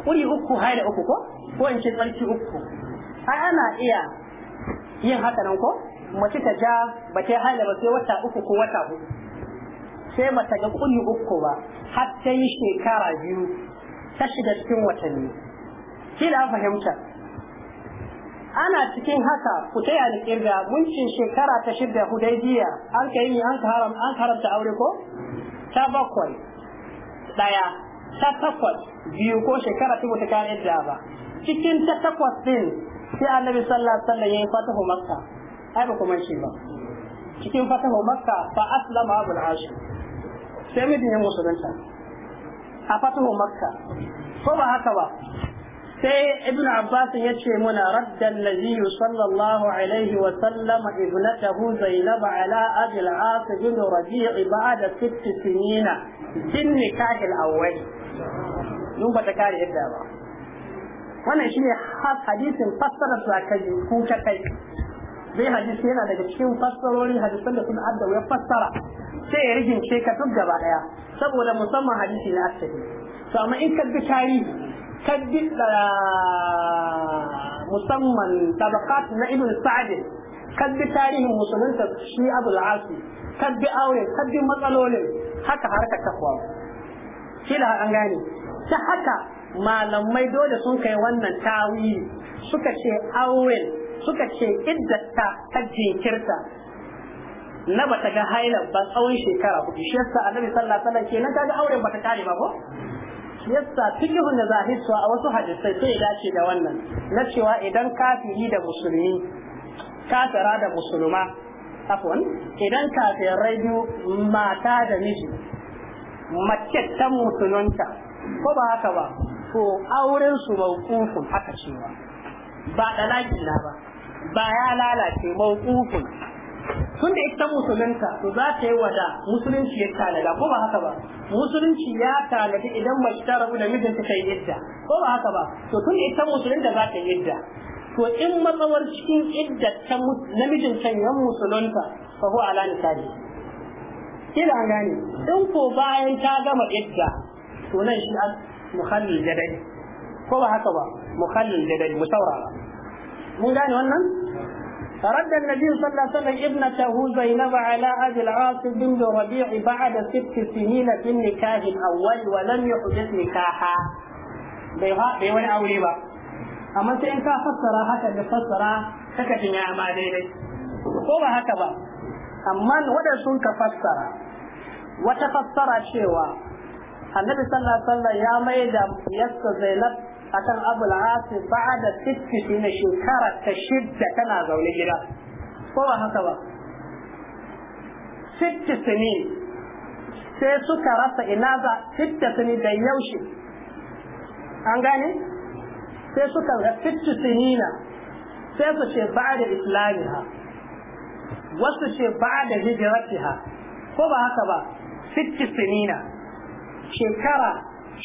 ƙuri uku haida uku ko ko in ce tsarki uku ai ana iya yin haka nan ko mace ta ja ba ta haila ba sai wata uku ko wata huɗu sai ba ta ga kunni uku ba har ta yi shekara biyu ta shiga cikin watanni da fahimta ana cikin haka ku taya ni kirga muncin shekara ta shidda hudaybiya an ka yi an haram an haramta aure ko ta bakwai daya ta takwas biyu ko shekara ta bata kare da ba cikin ta takwas din sai annabi sallallahu alaihi wasallam yi fatahu makka ai ba kuma shi ba cikin fatahu makka fa aslama abul ashir sai mijin ya musulunta a fatahu makka ko ba haka ba sai ibn abbas ya ce muna radda nabiyyu sallallahu alaihi wa sallam ibnatahu zainab ala abi al-as bin rabi' ba'da sitt sinin bin nikah al-awwal dun ba ta kare yadda ba wannan shine hadisin fassara su ku ta kai sai hadisi yana daga cikin fassarori hadisan da sun adda ya fassara sai ya rigince ka duk gaba daya saboda musamman hadisi na asali to amma in ka bi tarihi ka bi ah, musamman tabaqat na ibn sa'd ka bi tarihin musulunta shi abul asi ka bi aure ka bi matsalolin haka harka takwa shi da an gane ta haka malamai dole sun kai wannan tawili suka ce auren suka ce iddata ta jinkirta na bata ga hailan ba tsawon shekara hudu shi yasa annabi sallallahu alaihi wasallam kenan kaga auren bata kare ba ko shi yasa fikihun da zahiswa a wasu hadisai sai dace da wannan na cewa idan kafiri da musulmi kafira da musulma afwan idan kafirai biyu mata da miji mace ta musulunta ko ba haka ba to auren su mawqufun haka cewa ba dalaki na ba ba ya lalace mawqufun Tunda da ita musulunta to za ta yi wada musulunci ya tanada ko ba haka ba musulunci ya tanada idan mace ta rabu da mijinta ta yi idda ko ba haka ba to tun da ita musulunta za ta yi idda to in matsawar cikin idda ta namijin can yan musulunta fa ko ala nisabi kila an gane in ko bayan ta gama idda to nan shi an da dai, ko ba haka ba muhallil jadali mu saurara mun gane wannan فرد النبي صلى الله عليه وسلم ابنته زينب على ابي العاص بن ربيع بعد ست سنين في النكاح الاول ولم يحدث نكاحا bai wani aure ba amma sai in ka fassara haka da fassara haka ya ma daidai ko ba haka ba amma wadda sun ka fassara wata fassara cewa annabi ya mai da zainab akan abul asi ba'da sitti shine shekara ta shidda tana zaune gida ko ba haka ba sitti sini sai suka rasa ina za sitti sini da yaushe an gane sai suka ga sitti na sai su ce ba'da islamiha wasu ce ba'da hijratiha ko ba haka ba sitti na shekara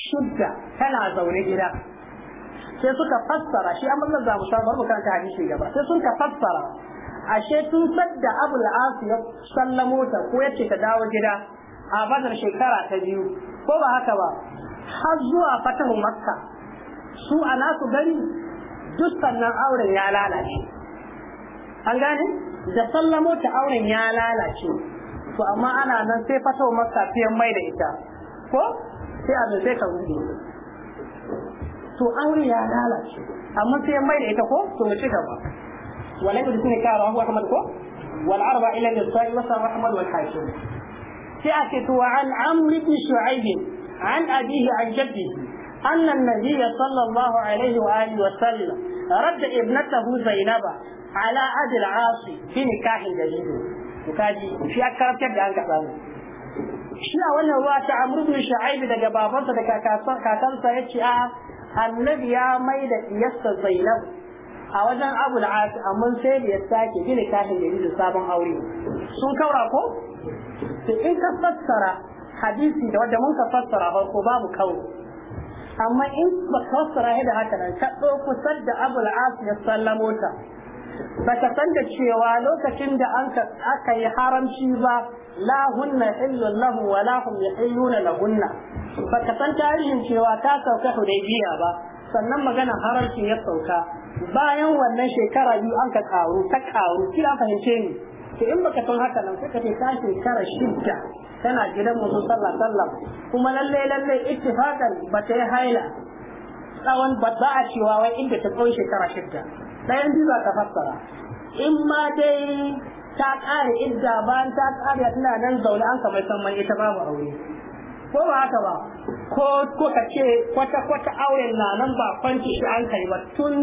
shidda tana zaune gida sai suka fassara shi amma zan zamu sha bar mu karanta hadisi gaba sai sun ka fassara ashe tun sadda abul as ya sallamo ta ko yace ta dawo gida a badar shekara ta biyu ko ba haka ba har zuwa fatar makka su a nasu gari duk sannan auren ya lalace an gane da sallamo ta auren ya lalace to amma ana nan sai fatar makka fiye mai da ita ko sai a sai ka rubuta to aure ya lalace amma sai mai da ita ko to mu ci gaba walai da sunan kara huwa kamar ko wal arba ila nisa'i wa sa ahmad wal hashim sai a to an amr ibn shu'aib an abihi an sallallahu alaihi النبي صلى الله عليه وآله وسلم رد ابنته زينب على أبي العاص في نكاح جديد وكاجي في أكرم كبد أنك shi a wannan ruwa ta amru bin sha'ib daga babansa da kakansa ya ce annabi ya mai da iyasta zainab a wajen abu da asi amma sai da ya sake gina kashin da sabon aure sun kaura ko to in ka fassara hadisi da wanda mun ka fassara ba farko babu kawo amma in ba ka fassara da haka nan ka ɗauko sadda abu da as ya sallamo ta ba ka san da cewa lokacin da aka yi haramci ba la hunna illun wa la hum yahilluna lahunna baka san tarihin cewa ta sauka hudaybiya ba sannan magana haramcin ya sauka bayan wannan shekara biyu an ka karu ta karu kila fahimce ni to in baka san haka nan sai ce ta shekara shidda tana gidan musu sallah sallah kuma lalle lalle ittifaqan ba ta yi haila tsawon ba a cewa wai inda ta tsawon shekara shidda ɗayan biyu za ta fassara in ma dai ta ƙare idda bayan ta ƙare tana nan zaune an kamar san mai ita babu aure ko ba haka ba ko ko ka ce kwata kwata auren na nan ba kwanci shi an kai ba tun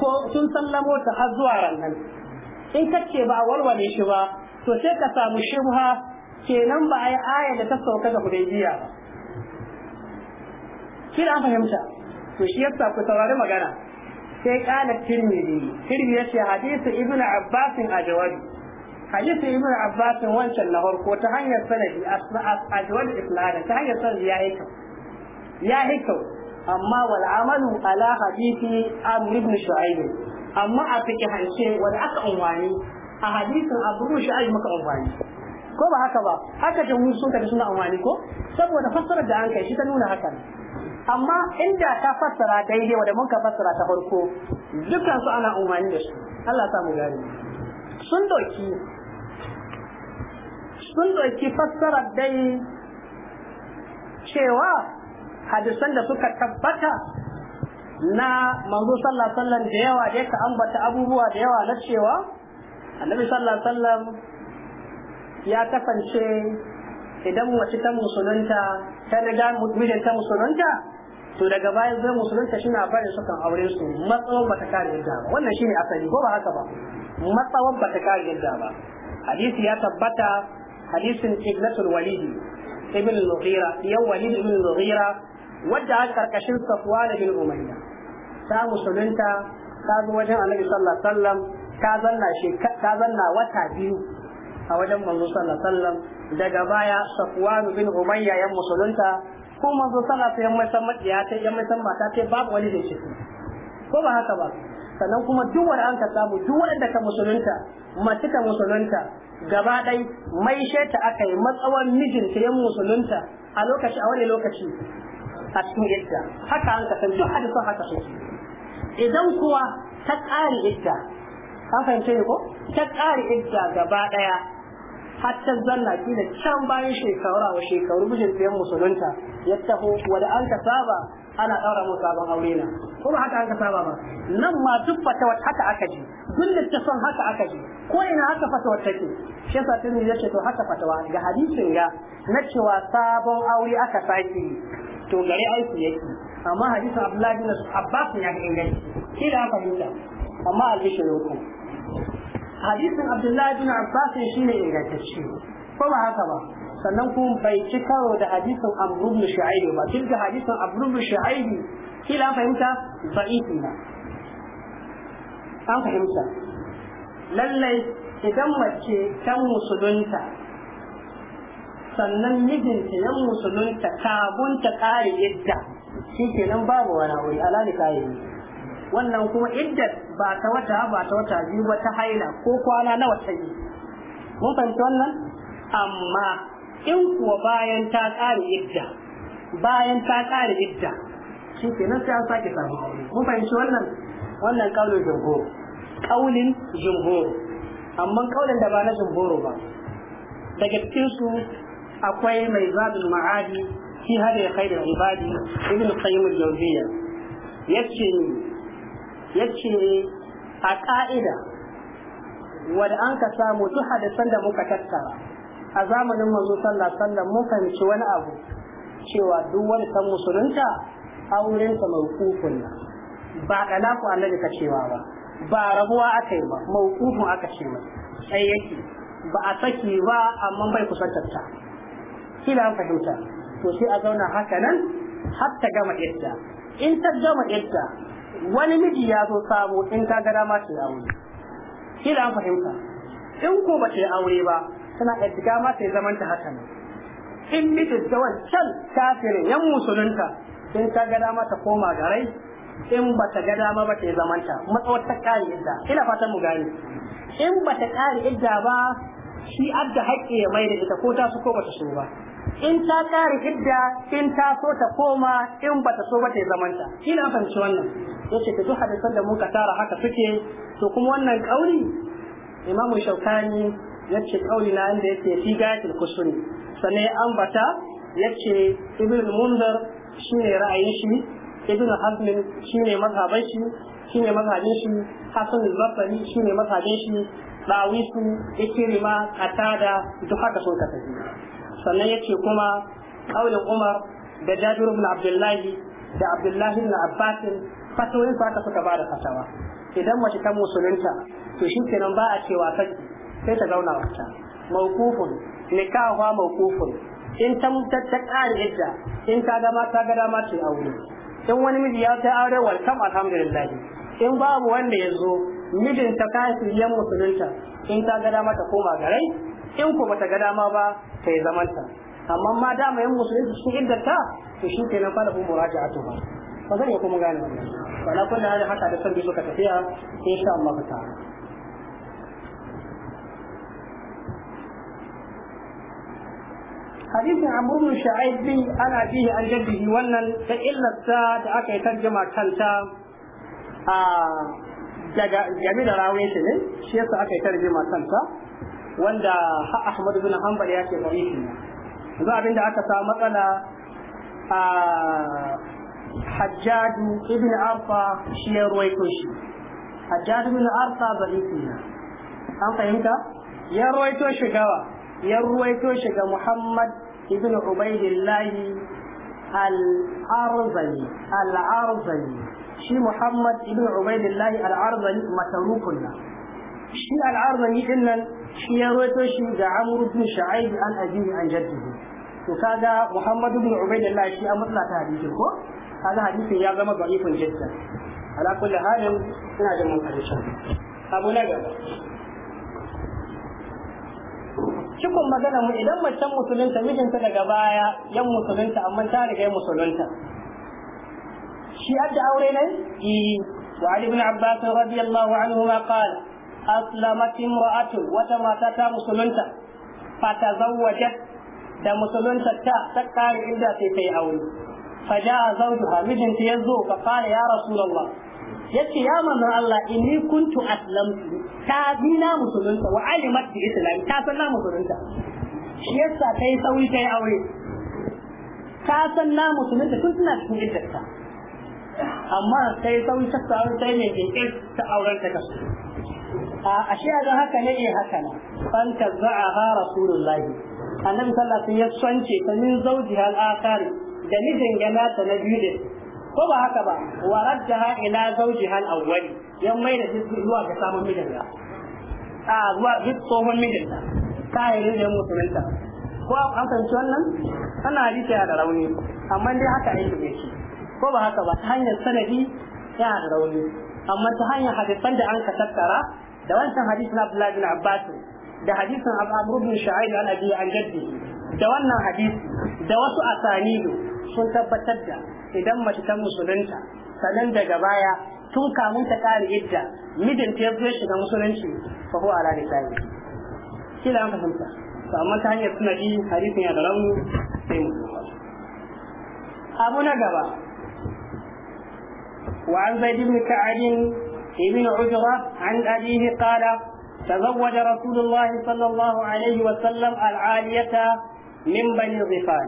ko tun sallamo ta har zuwa ranar in ka ce ba walwale shi ba to sai ka samu shubha kenan ba ai aya da ta sauka ga jiya ba an fahimta to shi yasa ku saurari magana sai kala tirmidhi tirmidhi ya ce hadisu ibnu Abbas, a hadisi ibn abbas wancan na farko ta hanyar sanadi ajwal isnad ta hanyar sanadi ya hikau amma wal amalu ala hadisi amr ibn shu'aib amma a fiqi hanci wal aka unwani a hadisin ko ba haka ba haka jami'u sun kada suna unwani ko saboda fassarar da an kai shi ta nuna hakan amma inda ta fassara daidai wanda mun ka fassara ta farko dukkan su ana unwani da su Allah ya samu gani sun doki sun ɗauki fassarar dai cewa hadisan da suka tabbata na manzo sallallahu alaihi da yawa da yake ambata abubuwa da yawa na cewa annabi sallallahu alaihi ya kasance idan mace ta musulunta ta riga mutumin ta musulunta to daga baya zai musulunta shi na bari sukan aure su matsawon bata kare yadda ba wannan shine asali ko ba haka ba matsawon bata kare yadda ba hadisi ya tabbata hadisin ibnatul walidi ibn al-mughira yan walidi ibn al-mughira wadda a karkashin safwan bin umayya ta musulunta ta zo wajen annabi sallallahu ta zanna wata biyu a wajen manzo sallallahu daga baya safwan bin umayya musulunta ko manzo sallallahu alaihi wasallam ya ta yan mai san mata ta babu wani da shi ko ba haka ba sannan kuma duk wanda an ka samu duk wanda ka musulunta mace musulunta gaba ɗai mai sheta aka yi matsawar mijinta yan musulunta a lokaci a wani lokaci a cikin idda haka an kasan duk hadisan haka suke idan kuwa ta ƙari idda an fahimce ne ko ta ƙari idda gaba ɗaya har ta zanna kila can bayan shekara wa shekaru mijinta yan musulunta ya taho wanda an ka saba ana ɗaura mu sabon aure na ba haka aka saba ba nan ma duk fatawar haka aka ji duk son haka aka ji ko ina haka fatawar take shi yasa tun ya yake to haka fatawa ga hadisin ga na cewa sabon aure aka sake to gare aiki yake amma hadisin Abdullahi bin Abbas ya ga inganci shi da aka huta amma albishirin ku hadisin Abdullahi bin Abbas shine ingantacce ko ba haka ba sannan kuma bai ci karo da hadisin amru ibn shu'aib ba duk da hadisin amru ibn shu'aib kila fahimta da'ifi na an fahimta lallai idan mace ta musulunta sannan mijinta yan musulunta kabun ta kare idda shi nan babu wani wuri alali kare wannan kuma idda ba ta wata ba ta wata biyu ba ta haila ko kwana nawa wata ne mun fahimci wannan amma in kuwa bayan ta ƙare idda bayan ta ƙare idda shi ke nan sai an sake samu mun fahimci wannan wannan kaulin jumhur kaulin jumhur amma kaulin da ba na jumhur ba daga cikin su akwai mai zabin ma'adi fi hada khairul ibadi ibn qayyim al-jawziyya yace yace a ka'ida wanda an ka samu duk hadisan da muka tattara a zamanin manzo sallah alaihi mun fahimci wani abu cewa duk wani san musulunta auren ta mawqufun ba dalaku annabi ka cewa ba ba rabuwa aka yi ba mawqufun aka ce mai sai yake ba a saki ba amma bai ku ta kila an fahimta to sai a zauna haka nan har ta gama idda in ta gama idda wani miji ya zo sabo in ta ga dama ta yi aure kila an fahimta in ko ba ta aure ba tana da dama ta zaman ta haka ne in mijin ta wancan kafire yan musulunta in ta ga dama ta koma garai in ba ta ga dama ba ta yi zamanta matsawar ta kare idda ina fatan mu gani in ba ta kare idda ba shi adda haƙƙi ya mai da ita ko ta su ko ba ta so ba in ta kare idda in ta so ta koma in ba ta so ba ta yi zamanta ina fahimci wannan yace ta duk hadisan da ka tara haka suke to kuma wannan kauri imamu shaukani yace kauli na inda yake fi gayatul kusuri sannan ambata yace ibn munzar shine ra'ayin shi ibn hazm shine mazhaban shi shine mazhabin shi hasan al-basri shine mazhabin shi dawisu ikrima qatada duk haka sun ka tafi sannan yace kuma kaulin umar da jabir ibn abdullahi da abdullahi ibn abbas fatawoyin su haka suka bada fatawa idan mace ta musulunta to shi kenan ba a cewa sarki sai ta zauna wata mawqufun nikahuha maukufun in ta ta ƙara idda in ta ga mata ga dama ta aure in wani miji ya ta aure kam alhamdulillah in babu wanda ya zo mijin ta yan musulunta in ta ga dama ta koma garai in ko bata ga dama ba ta yi zamanta amma ma dama yan musulunci cikin inda ta to shi kenan fa da muraja'atu ba ba zan yi kuma gane wannan wala kullu hali haka da bi suka tafiya insha Allah ta'ala hadisin amr ibn bin ana bihi an jaddihi wannan ta illarta da aka yi tarjuma kanta a daga game da rawun shi ne shi yasa aka yi tarjuma kanta wanda ha ahmad ibn hanbal ya ce dhaifi yanzu da aka samu matsala a hajjaju ibn arfa shi ya ruwaito shi hajjaju ibn arfa dhaifi an fahimta ya ruwaito shi gawa ya ruwaito shi ga Muhammad ibn Ubaidillah al-Arzali al-Arzali shi Muhammad ibn Ubaidillah al-Arzali matarukun nan shi al-Arzali din shi ya ruwaito shi ga Amr ibn Shu'aib an abihi an jaddihi to kaga Muhammad ibn Ubaidillah shi an mutla ta hadisi ko kaga hadisin ya zama da'ifun jiddan ala kulli halin ina da mun karshen abu na gaba Cukun magana mu idan macen musulunta mijinta daga baya yan musulunta amma ta riga musulunta shi adda aure ne eh wa ali ibn abbas radiyallahu anhu ma qala aslamat imra'atu wata mata ta musulunta fa fatazawwajat da musulunta ta ta kare inda sai ta yi aure faja'a zawjuha mijinta yazo fa qala ya rasulullah yace ya manzon Allah inni kuntu aslamtu ta dina musulunta wa alimat bi islam ta san na musulunta shi yasa ta yi sauri ta yi aure ta san na musulunta tun tana cikin iddarta amma sai sauri ta sauri ta yi mai ta auren ta kasu a ashe a haka ne eh, haka na fan ta za'a ha rasulullahi annabi sallallahu alaihi wasallam ya sance ta min zauji al akari da mijin gana ta na biyu ko ba haka ba wa ha ila zawjiha hal awwali yan mai da zuwa ga samun mijinta a zuwa duk tsohon mijinta ta yi da musulunta ko an fahimci wannan ana hadisi da rauni amma dai haka aiki ne shi ko ba haka ba ta hanyar sanadi yana da rauni amma ta hanyar hadisan da an ka tattara da wancan hadisin Abdullahi bin Abbas da hadisin Abu bin Shu'aib an abi an jaddi da wannan hadisi da wasu asanidu sun tabbatar da idan mace ta musulunta sannan daga baya tun kamun ta kare idda mijinta ya zo shiga musulunci fa huwa ala lisan kila an fahimta to amma ta hanyar suna sunadi hadisin ya da ramu sai mu abu na gaba wa an zaid ibn ka'ab ibn ujra an abihi qala تزوج رسول الله صلى الله عليه وسلم العالية من بني الظفار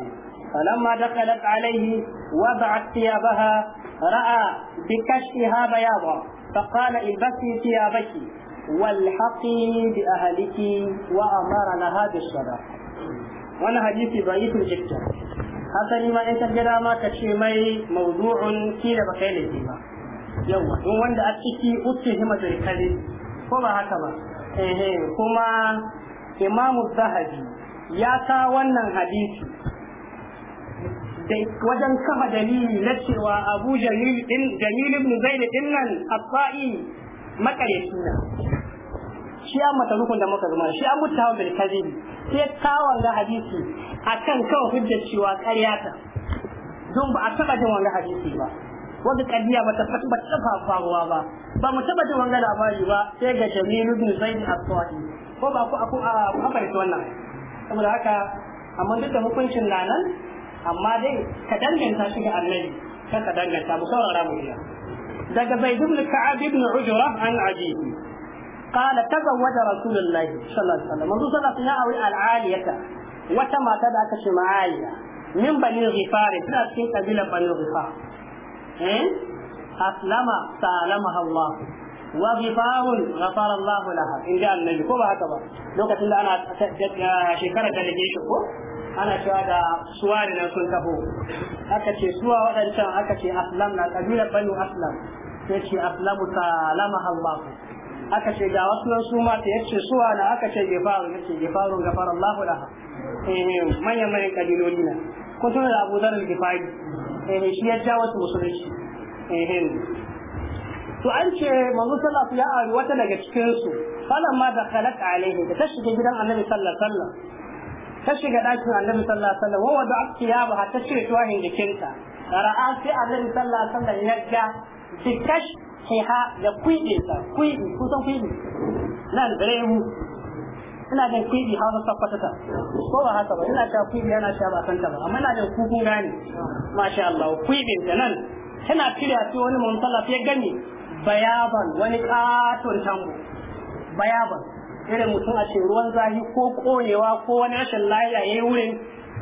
فلما دخلت عليه وضعت ثيابها رأى بكشفها بياضا فقال البسي ثيابك والحقي بأهلك وأمرنها بالصدقة وانا حديثي ضعيف جدا hasali ma in kaddara ma ka ce mai mawdu'un kila ba kai laifi ba yawa in wanda a ciki uke himatul ko ba haka ba kuma imamu zahabi ya sa wannan hadisi wajen kafa dalili na cewa abu jamilu din ibn zaid din nan afai makare suna shi an mata rukun da muka zama shi an mutawa bil kadhib sai tawon ga hadisi akan kan hujjar cewa ƙarya ta don ba a taba jin wanga hadisi ba wanda kadiya ba ta ba faruwa ba ba mu taba jin wannan labari ba sai ga jamilu ibn zaid afai ko ba ku aku a ku wannan saboda haka amma duk da hukuncin nan amma dai ka danganta shi ga annabi ka ka danganta mu saurara mu biya daga zaid ibn ka'ab ibn ujra an abihi قال تزوج رسول الله صلى الله عليه وسلم منذ سنة يأوي العالية وتما تدعك معالية من بني الغفار تأتي قبيلة بني الغفار إيه؟ أسلم سالمها الله وغفار غفر الله لها إن جاء النبي كما هكذا لو كتب أنا شكرا لجيشكم ana cewa da suwa ne nan sun kafo aka ce suwa waɗancan aka ce aslam na ƙabilar banu aslam sai ce aslamu salama Allah aka ce ga wasu nan su ma ta yace suwa na aka ce gefaru yace ce gefaru gafar Allah laha eh, manyan manyan ƙabiloli na ko suna da abu zarar gifari eh, shi ya jawo wasu musulunci eh, to an ce manzo sallallahu alaihi ya sallam wata daga cikin su falamma da khalaq alaihi da ta shiga gidan annabi sallallahu alaihi sallam ta shiga ɗakin annabi sallallahu alaihi wasallam wa da akiyaba ta shirya tuwahin jikinta ra'a sai annabi sallallahu alaihi wasallam ya ga dikash ha da ta sa ko kusan kuɗi nan rehu ina jin ha da sakwata ta ko ba haka ba ina ta kuɗi yana sha ba san ta ba amma ina jin kuku gane masha Allah kuɗin ta nan tana kira ta wani mun wasallam ya gani bayaban wani katon tango bayaban irin mutum a ce ruwan zahi ko konewa ko wani rashin ya yi wurin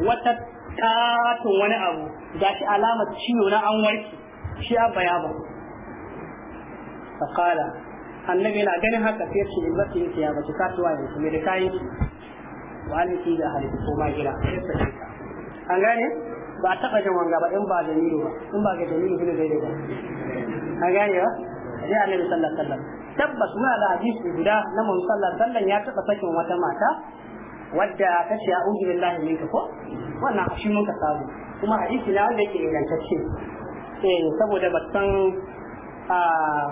wata katon wani abu Ga shi alamar ciwo na an warki shi a ya ba fakala annabi na ganin haka sai ce in zafi yake ya bace kasuwa ya me da kayi wa yi da halittu ko ma gida an gane ba a taɓa jin wanga ba in ba da ba in ba ga dalilu ne daidai ba an gane ba sai annabi sallallahu alaihi wasallam tabbas muna da hadisi guda na mun sallar sallan ya taɓa sakin wata mata wadda ta ce a'udhu billahi minka ko wannan shi mun ka samu kuma hadisi na wanda yake ingantacce eh saboda ba san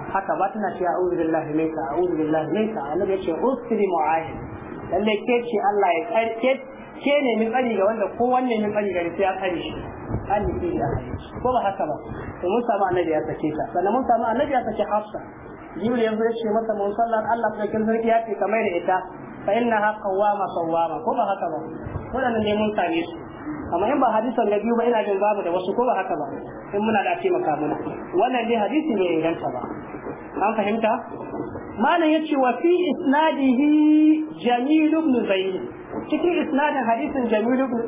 haka ba tana ce a'udhu billahi minka a'udhu billahi minka annabi ya ce usri mu'ahid lalle ke ce Allah ya karke ke ne min tsari ga wanda ko wanne min tsari ga sai ya tsare shi an yi ya ko ba haka ba to mun samu annabi ya sake ta sannan mun samu annabi ya sake hafsa jibril yanzu ya ce masa mun sallar Allah kin sarki yake kamar da ita fa inna ha qawama sawama ko ba haka ba wannan ne mun same su amma in ba hadisan na biyu ba ina jin babu da wasu ko ba haka ba in muna da taimaka muna wannan ne hadisi ne ta ba an fahimta malam yace wa fi isnadihi jamil ibn zayd cikin isnadin hadisin jamil ibn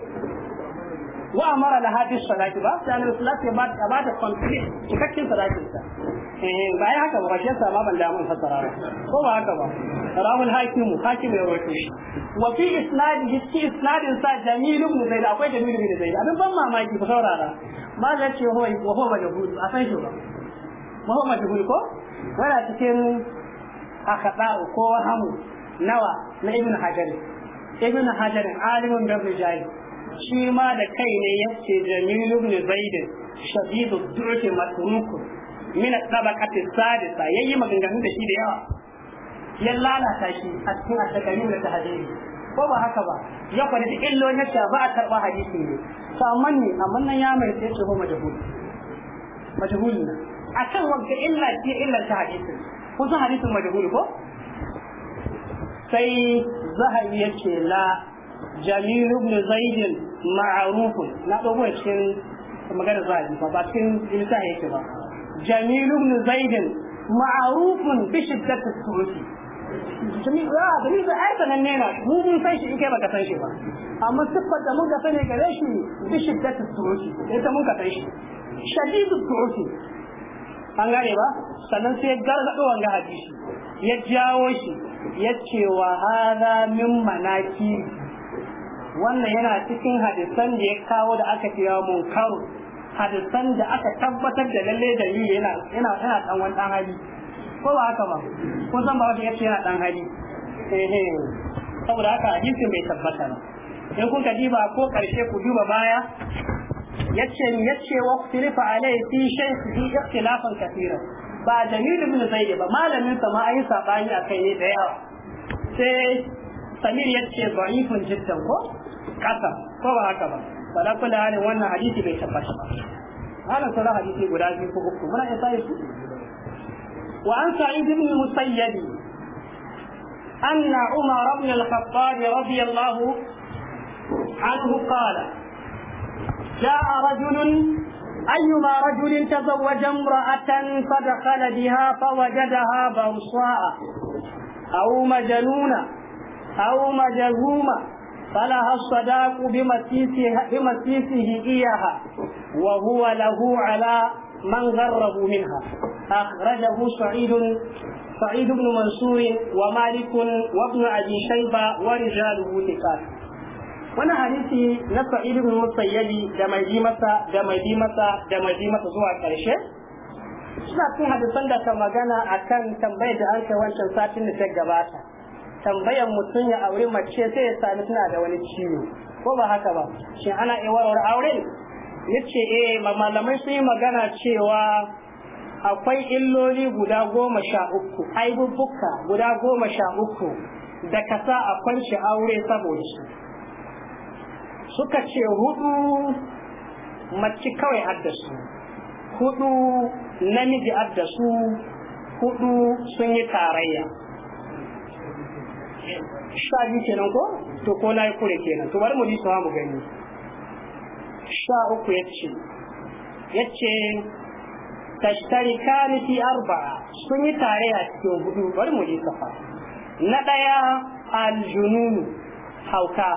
wa amara la hadis salati ba sai annabi sallallahu alaihi wasallam ya ba da complete cikakken salatin sa eh bayan haka ba shi sa ma ban da mun fassara ba ko ba haka ba rawul hakim hakim ya rawaito shi wa fi isnadihi fi isnadin sa jamil ibn zaid akwai jamil ibn zaid abin ban mamaki ku saurara ma za ce ho wa ho majhul a san shi ba ma ho majhul ko wala cikin akhda'u ko hamu nawa na ibn hajar ibn hajar alimun da rijali shi ma da kai ne yace Jamilu ibn Zaid shadidu durki matruku min tabaqati sadisa yayi maganganu da shi da yawa ya lalata shi a cikin al da tahdiri ko ba haka ba ya da illo ne ta ba a karba hadisi ne to amma ne amma nan ya mai sai ce ba majhul majhul ne kan wanda illa ce illa ta hadisi ko hadisin majhul ko sai zahari yace la jamil ibn zaid ma'ruf na dogo cikin magana zaji ba cikin ilsa yake ba jamil ibn zaid ma'ruf bi shiddati surufi jamil ya dalil da ai sanan ne na mu mun san shi kai baka san shi ba amma siffar da mun ga sani gare shi bi shiddati surufi ita mun ka san shi shadidu surufi an gane ba sannan sai gargaɗo wanga hadisi ya jawo shi ya ce wa min manaki wannan yana cikin hadisan da ya kawo da aka mun munkaru hadisan da aka tabbatar da lalle da yi yana yana yana dan wani dan hali ko ba haka ba ko san ba wanda yace yana dan hali eh eh saboda haka hadisin bai tabbata ba in kun ka diba ko karshe ku duba baya yace yace wa khilifa alai fi fi ikhtilafan katira ba dalilin ibn zaid ba malamin sa ma ayi sabani akai ne da yawa sai samir ya ce da'ifun jiddan ko kasa ko ba haka ba fala kula ne wannan hadisi bai tabbata ba hana sauran hadisi guda biyu ko uku muna iya sai su wa an sa'id ibn musayyib أن عمر بن الخطاب رضي الله عنه قال جاء رجل أيما رجل تزوج امرأة فدخل بها فوجدها بوصاء أو مجنونة أو مجهومة فلها الصداق بمسيسه إياها وهو له على من غره منها أخرجه سعيد سعيد بن منصور ومالك وابن أبي شيبة ورجاله ثقات wani hadisi na sa'id ibn musayyabi da mai bi masa da mai bi da zuwa suna cikin hadisan da ta magana kan tambayar da an kai wancan satin da ta gabata tambayan mutum ya auri mace sai ya sami suna da wani ciwo ko ba haka ba shi ana iwarar auren yace eh malamai sun yi magana cewa akwai illoli guda goma sha uku aibubbuka guda goma sha uku da kasa a kwanci aure saboda su suka ce hudu mace kawai haddasu hudu namiji haddasu hudu sun yi tarayya sha biyu kenan ko to ko na yi kure kenan to bari mu bi su mu gani sha uku ya ce ya ce tashtarikani fi arba sun yi tare a cikin hudu bari mu lissafa na ɗaya aljununu hauka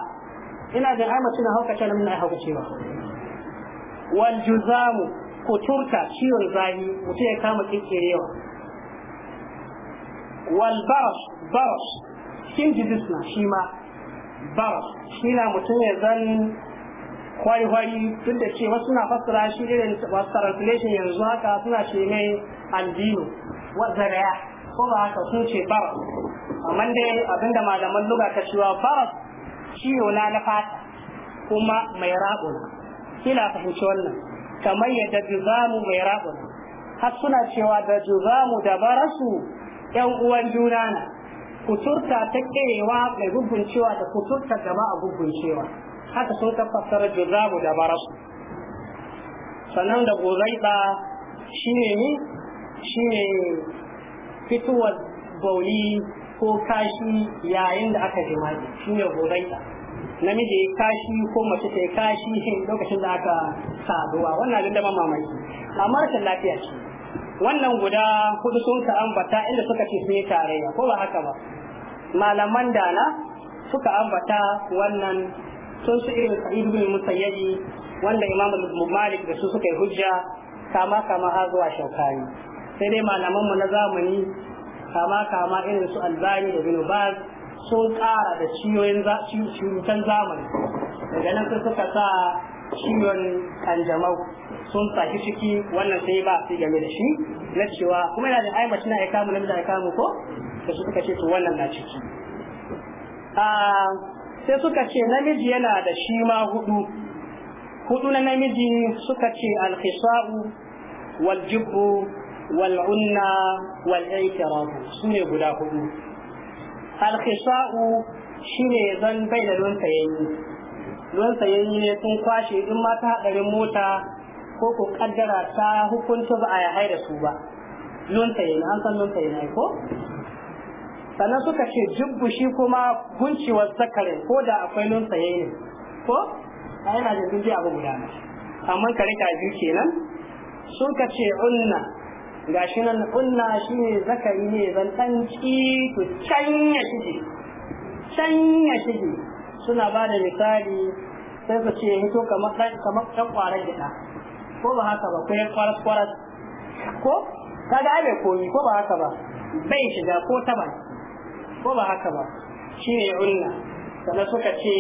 ina da ai mutum hauka ce nan ai hauka cewa wal juzamu kuturta ciwon zahi mutum ya kama kikkirewa wal barash barash skin disease na shi ma ba shi na mutum ya zan kwari-kwari duk da cewa suna fassara shi irin wasu translation yanzu haka suna ce mai albino wazaraya ko ba haka sun ce virus amma dai abinda malaman luga ta cewa virus ciwo na na fata kuma mai rabuna kila fahimci wannan kamar yadda juzamu mai rabuna har suna cewa da zamu da barasu yan uwan juna na kuturta ta kirewa mai gubuncewa da kuturta gaba a gubuncewa haka sun da zabu da barasu sannan da gozaiɗa shi ne ni shi ne fitowar bauli ko kashi yayin da aka jima'i shi ne gozaiɗa namiji ya kashi ko mace ta kashi lokacin da aka saduwa wannan abin dama mamaki amma rashin lafiya ce wannan guda hudu sun ka ambata inda suka ce sun yi tarayya ko ba haka ba malaman dana suka ambata wannan sun su irin sa'id bin musayyabi wanda imam malik da su suka yi hujja kama kama har zuwa shaukani sai dai malaman mu na zamani kama kama irin su albani da bin baz sun kara da ciyoyin surutan zamani daga nan sun suka sa ciwon kanjamau sun saki ciki wannan sai ba su game da shi na cewa kuma yana da ai na aika mu mu ko da su suka ce to wannan na ciki ah, sai suka ce namiji yana da shi ma hudu hudu na namiji suka ce alkhisa'u wal jibbu wal unna wal i'tirafu sune guda hudu alkhisa'u shine zan bai da ruwan sayayyi ruwan sayayyi ne sun kwashe in ma ta hadarin mota ko ko kaddara ta hukunta ba a yahai haida su ba ruwan sayayyi an san ruwan sayayyi ko sannan suka ce jubbu shi kuma kuncewar sakare ko da akwai nun saye ne ko a yana da sun abu guda ne amma kare ka biyu kenan sun ka ce unna shi nan unna shine zakari ne zan ɗan ci ku can ya shige can shige suna ba da misali sai su ce hito kamar dan kamar kwarar gida ko ba haka ba kuma ya kwaras kwaras ko kaga ai bai komi ko ba haka ba bai shiga ko bai ko ba haka ba shi ne ulna sana suka ce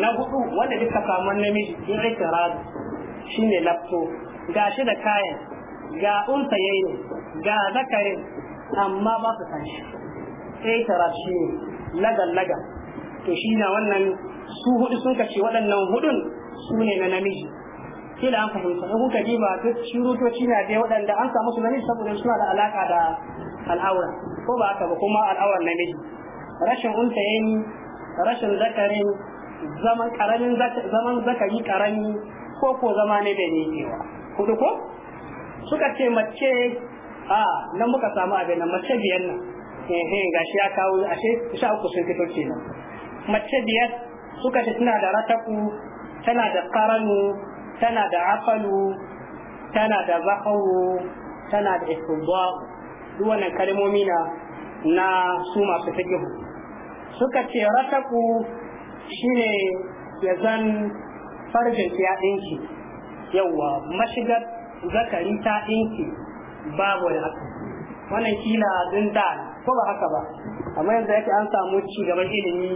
na hudu wanda duka samun namiji in ikirari shi ne lafto ga shi da kayan ga unsa yayi ga zakarin amma ba su san shi ikirari shi ne lagan lagan to shi na wannan su hudu sun kace waɗannan hudun su ne na namiji kila an fahimta in kuka ji ba duk shirutoci na dai waɗanda an samu su namiji saboda suna da alaka da al'aura ko ba haka ba kuma al'awar namiji rashin unsayin rashin zakarin zaman karamin zaman zakari karami ko ko zama ne da nemewa kudu ko suka ce mace a nan muka samu abin nan mace biyar nan ga gashi ya kawo ashe sha uku sun fito kenan mace biyar suka ce tana da rataku tana da karanu tana da afalu tana da zaharu tana da istibda'u duk wannan kalmomi na na su masu fikihu suka ce rataku shine ya zan farjin ya ɗinki yawa mashigar zakari ta ɗinki babu da haka wannan kila din da ko ba haka ba amma yanzu yake an samu ci gaban ilimi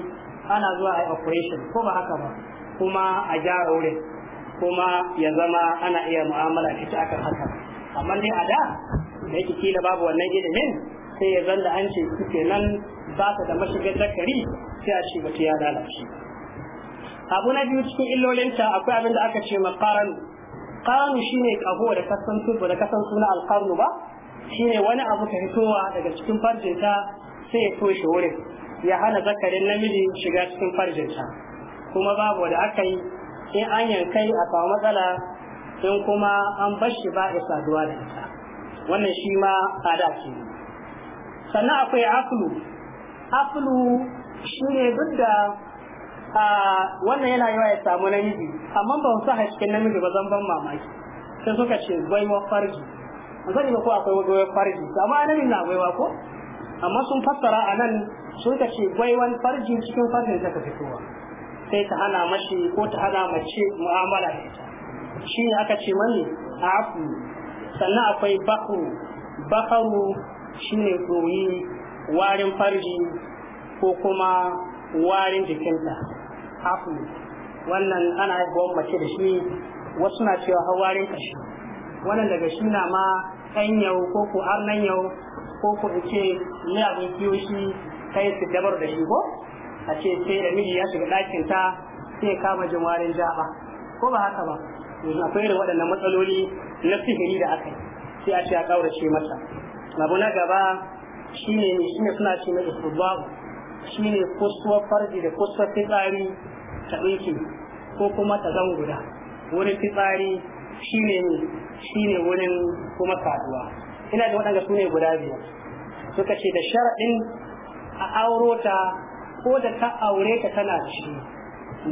ana zuwa a operation ko ba haka ba kuma a gyara wurin kuma ya zama ana iya mu'amala ita akan haka amma dai a da da yake kila babu wannan ilimin sai ya zanda an ce kuke nan ba ta da mashigar zakari sai a ce bata ya lalace abu na biyu cikin illolinta akwai abin da aka ce ma karanu shi ne kaho da kasan ba da kasan suna alkarnu ba shi ne wani abu ka hitowa daga cikin farjinta sai ya toshe wurin ya hana zakarin namiji shiga cikin farjinta kuma babu da aka yi in an yankai a samu matsala in kuma an bashi ba isa saduwa da ita wannan shi ma ada ce sannan akwai aflu aflu shi ne duk da wannan yana yawa ya samu namiji amma ba wasu sa cikin namiji ba zan ban mamaki sai suka ce gwaiwar farji zan yi ba ko akwai gwaiwar farji amma namiji na gwaiwa ko amma sun fassara a nan sun ka ce gwaiwar farji cikin farjin ta ka fitowa sai ta hana mashi ko ta hana mace mu'amala da ita shi ne aka ce mani a afu sannan akwai bakaru bakaru shine ɗoyi warin farji ko kuma warin jikinta hafu wannan ana haihuwar mace da shi wasu na cewa hawarin kashi wannan daga shi na ma ɗan yau ko ko arnan yau ko ko ce ni abin kiyo shi kai su dabar da shi ko a ce sai da miji ya shiga ɗakin ta sai kama jin warin jaba ko ba haka ba yanzu akwai irin waɗannan matsaloli na sihiri da aka sai a ce a kaurace masa abu na gaba shine shine suna ce na shi shine kusuwar farji da kusuwar fitsari ta ɗauke ko kuma ta zan guda wurin fitsari shine shine wurin kuma saduwa ina da waɗanda su ne guda biyar suka ce da sharaɗin a auro ta ko da ta aure ta tana ci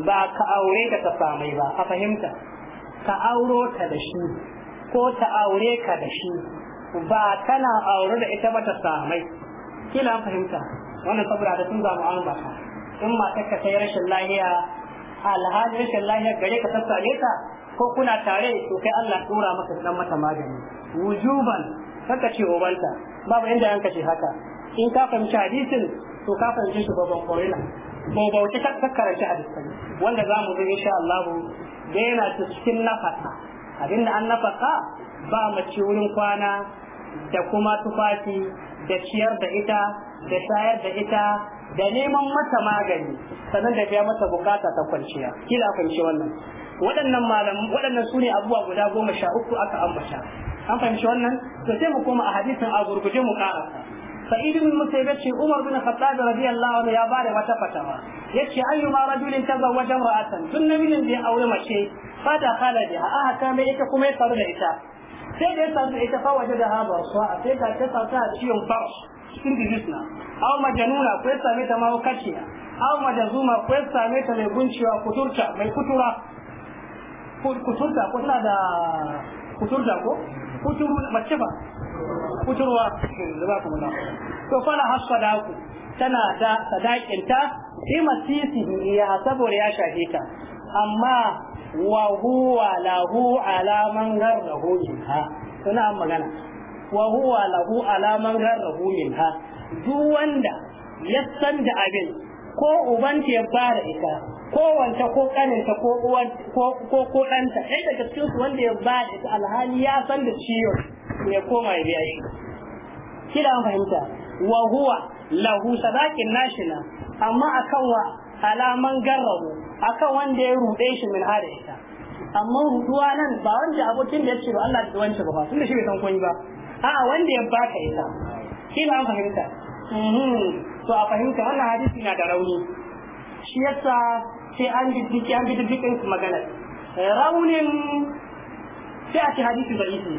ba ka aure ta ta samai ba a fahimta ka auro ka da shi ko ta aure ka da shi ba kana aure da ita ba ta samai kila an fahimta wannan saboda da sun zama an baka in ta ka sai rashin lahiya alhaji rashin lahiya gare ka tsare ta ko kuna tare to kai Allah tura maka dan mata magani wujuban kaka ce ubanta babu inda yanka ce haka in ka fahimci hadisin to ka fahimci shi babban korina bauta ta karanta hadisin wanda zamu bi insha Allah yana ta cikin nafaka abinda an nafaka ba mace wurin kwana da kuma tufafi da ciyar da ita da shayar da ita da neman mata magani sannan da biya mata bukata ta kwanciya kila kwanci wannan waɗannan malam waɗannan su ne abubuwa guda goma sha uku aka ambata an fahimci wannan to sai mu koma a hadisin a gurguje mu karasa sa'id Musa ya ce umar bin khattab radiyallahu anhu ya bare wata fatawa yace ma rajulin tazawwaja ra'atan tun namijin da ya aure mace fa da khala biha aha ta mai ita kuma ya faru da ita sai da ya da ita fa waje da habar so a sai ta ta sa ciwon fars cikin dijisna aw majanuna ko ya same ta mahaukaciya aw majazuma ko ya same ta mai gunciwa kuturta mai kutura kuturta ko tana da kuturta ko kuturu mace ba kuturwa da ku na to fala hasadaku tana da ta sai masisi ya saboda ya shafe ta amma wa huwa lahu alaman man garrahu minha suna magana wa huwa lahu alaman man garrahu minha duk wanda ya san da abin ko uban ya fara ita kowanta ko kaninta ko uwan ko ko ɗanta ɗaya daga cikin su wanda ya ba da alhali ya san da ciwon ya koma ya biya shi kila an fahimta wa huwa lahu sadaqin nashina amma akan wa alaman garrahu akan wanda ya rude shi min hada ita amma ruduwa nan ba wanda abokin da ya ce ba Allah da wance ba tun da shi bai san komai ba a'a wanda ya baka ita kila an fahimta mhm. to a fahimta wannan hadisi na da rauni shi yasa sai an diddiki an diddikin su magana raunin sai a ci hadisi da isi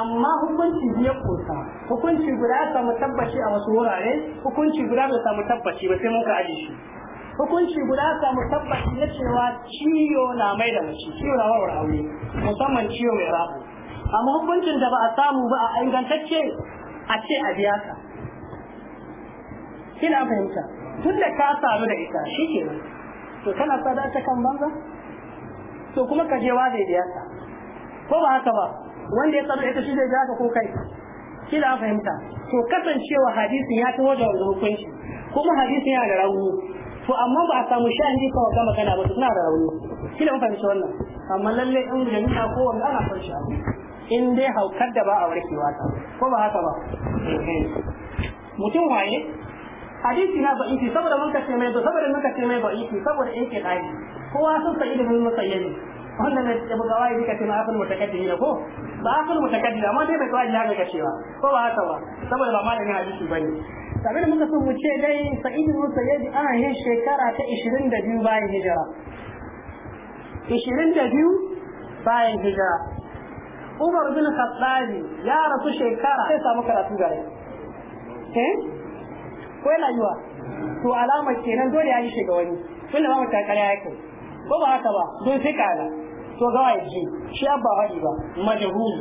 amma hukunci biya kusa hukunci guda samu tabbaci a wasu wurare hukunci guda bai samu tabbaci ba sai mun ka aje shi hukunci guda samu tabbaci na cewa ciwo na mai da mace ciwo na wawar aure musamman ciwo mai rabu amma hukuncin da ba a samu ba a ingantacce a ce a biya ka kina fahimta Tunda da ka samu da ita shi ke nan, to kana sada kan banza to kuma ka je waje da yasa ko ba haka ba wanda ya tsaro ita shi zai ka ko kai shi da fahimta to kasancewa hadisi ya taho da wani hukunci kuma hadisi yana da rauni to amma ba a samu shahidi kawai ga kana ba suna da rauni shi da fahimci wannan amma lalle in jami'a ko wanda ana abu in dai haukar da ba a warkewa ta ko ba haka ba eh. mutum waye hadisi na ba'ifi saboda mun kace mai saboda mun kace mai ba'ifi saboda yake dai kowa sun sai ilimin musayyin wannan ne da bugawai duka ce ma afal mutakaddi ne ko ba afal mutakaddi amma dai bai kawai ya ga kacewa ko ba haka ba saboda ba malamin hadisi bane sabin da muka so mu ce dai sa'id ibn sayyid ana yin shekara ta 22 bayan hijira 22 bayan hijira Umar bin Khattabi ya rasu shekara sai samu karatu gare eh ko yana yiwa to alama kenan dole ya yi ga wani tunda ba mutan ya yake ko ba haka ba don sai kala to ga ji shi abba hadi ba majhul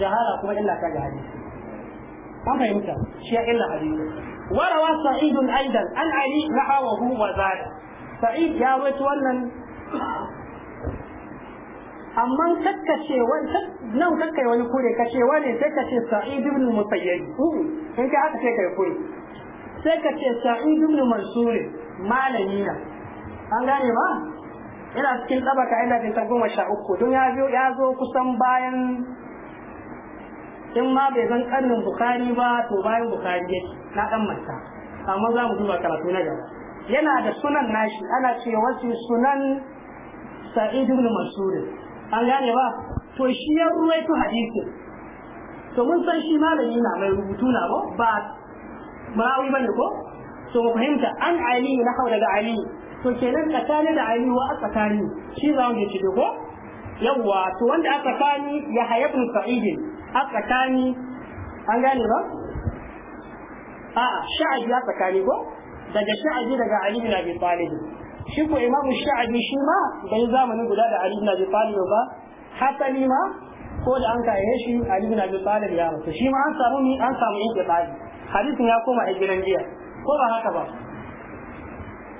jahala kuma illa ka ga jahali an fahimta shi illa hadisi wa rawa sa'id aidan an ali nahawahu wa zada sa'id ya rawaito wannan amma kakkace wani nan kakkai wani kure kace wani sai kace sa'id ibn musayyib hmm. in ka haka sai kai kure sai ka ce sa'id ibn mansur malami na an gane ba ina cikin tsabaka ina cikin ta goma sha uku don ya zo ya zo kusan bayan in ma bai zan karnin bukari ba to bayan bukari yake na dan manta amma za mu duba karatu na gaba yana da sunan nashi ana ce wasu sunan sa'id ibn mansur an gane ba to shi ya ruwaito hadisi to mun san shi malami na mai rubutu na ba ma'awi bane ko to fahimta an ali na hau daga ali to kenan tsakani da ali wa a tsakani shi za mu ci ko yawwa to wanda a tsakani ya hayabun sa'idin a tsakani an gane ba a sha'abi a tsakani ko daga sha'abi daga ali bin abi talib shi ko imamu sha'abi shi ma bai zamanin guda da ali bin abi talib ba hasali ma ko da an kaye shi ali bin abi talib ya To shi ma an samu ni an samu inqita'i hadisin ya koma a gidan jiya ko ba haka ba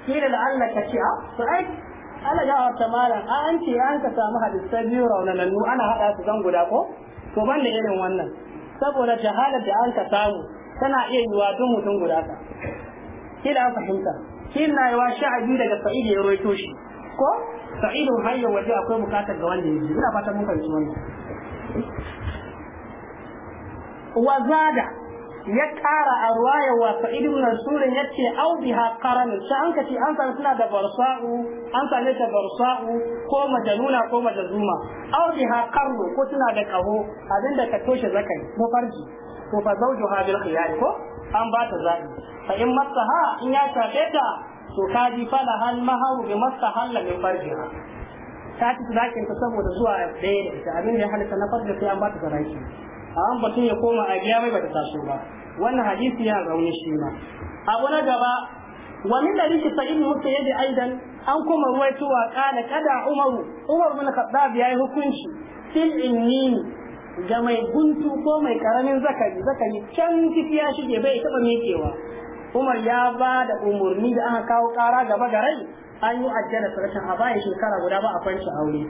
kila da Allah ka ci a ah, to ai Allah ya wata malam a ah, an ce an ka samu hadisai biyu raunanannu ana haɗa su zan guda ko to ban da irin wannan saboda jahalar da an ka samu tana iya yiwa tun mutum guda ka da an fahimta kila yawa sha'abi daga sa'id ya roito shi ko sa'idun hayya waje akwai bukatar ga wanda ya ji ina fatan mun fahimci wannan wazada ya ƙara a ruwayar wasa ibn surin ya ce au ha ƙaramin sai an ce an sami suna da barsa'u an sami da barsa'u ko majanuna ko majazuma au ha qarnu ko suna da abin abinda ka toshe zakai ko farji ko fa zawjuha bil khiyar ko an ba ta zabi fa in ha in ya shafe ta to kaji fala hal maharu bi masahalla min ha ta ci zakin ta saboda zuwa ɗaya da abin da ya halitta na farji sai an ba ta zaraki amma batun ya koma a biya mai bata taso ba wannan hadisi ya rauni shi ma abu na gaba wani wa min dalili sa'id yadda aidan an koma kuma ruwaitowa kana kada umaru umar bin khattab yayi hukunci fil inni ga mai guntu ko mai karamin zakari zakari can kifi ya shige bai taba mikewa umar ya ba da umarni da aka kawo kara gaba ga rai an yi ajjala sarkin a baya shekara guda ba a kwanci aure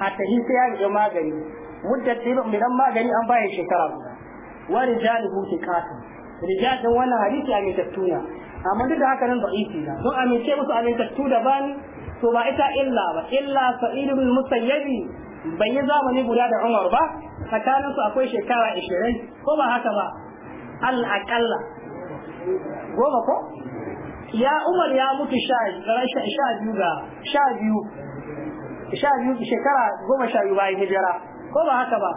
a tahi sai ya magani muddat idan magani an baya shekara guda wa rijaluhu thiqatu rijalun wannan hadisi a mitattuna amma duk da haka nan da'ifi na don amince musu amintattu daban to ba ita illa ba illa sa'id ibn musayyibi bai yi zamani guda da Umar ba tsakanin su akwai shekara 20 ko ba haka ba al aqalla goma ko ya Umar ya mutu sha sha biyu ga sha biyu sha biyu shekara goma sha biyu bayan hijira ko ba haka ba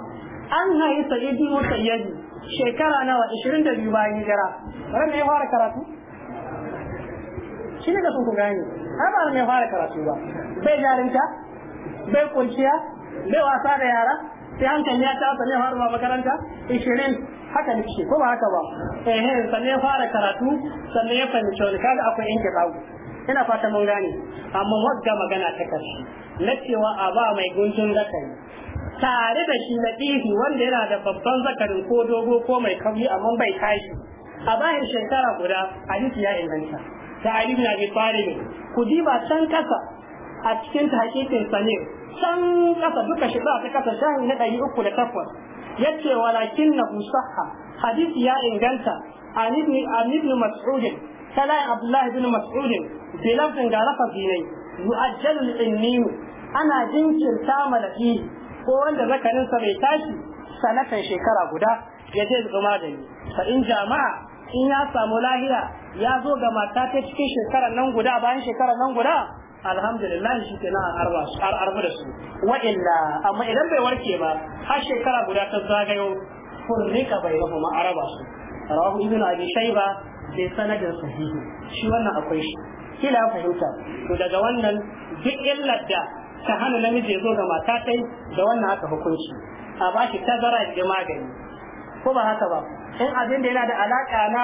an haifa sa'idu musayyabi shekara nawa 22 bayan hijira bare mai fara karatu shi ne da sun gani gane har ba mai fara karatu ba bai jarinta bai kunciya bai wasa da yara sai hankali ya tasa ne fara makaranta 20 haka ne shi, ko ba haka ba eh sannan ya fara karatu sannan ya fahimci wani kaga akwai yan kitabu ina fata mun gane amma wagga magana ta kashi na cewa a ba mai guntun zakari tare da shi na ɗihi wanda yana da babban zakarin ko dogo ko mai kauri amma bai tashi a bayan shekara guda hadisi ya inganta da na bin Abi Talib ku diba can kasa a cikin tahqiqin ne, can kasa duka shi ba ta kasa shahin na 308 yace walakin na sahha hadisi ya inganta an ibn an ibn Mas'ud kala Abdullah ibn Mas'ud bi lafzin da rafa dinai yu'ajjalu al-inni ana jinkirta malaki ko wanda zakarinsa bai tashi sanatan shekara guda ya je ga magani fa in jama'a in ya samu lahira, ya zo ga mata ta cikin shekarar nan guda bayan shekarar nan guda alhamdulillah shi ke nan arba su har arba da su wa illa amma idan bai warke ba har shekara guda ta zagayo furrika bai rafa ma araba su rawahu ibnu abi shayba bi sanadin sahihi shi wannan akwai shi kila fahimta to daga wannan duk illar da ta hana namiji ya zo ga mata kai da wannan aka hukunci a ba shi tazara da magani ko ba haka ba in abin da yana da alaka na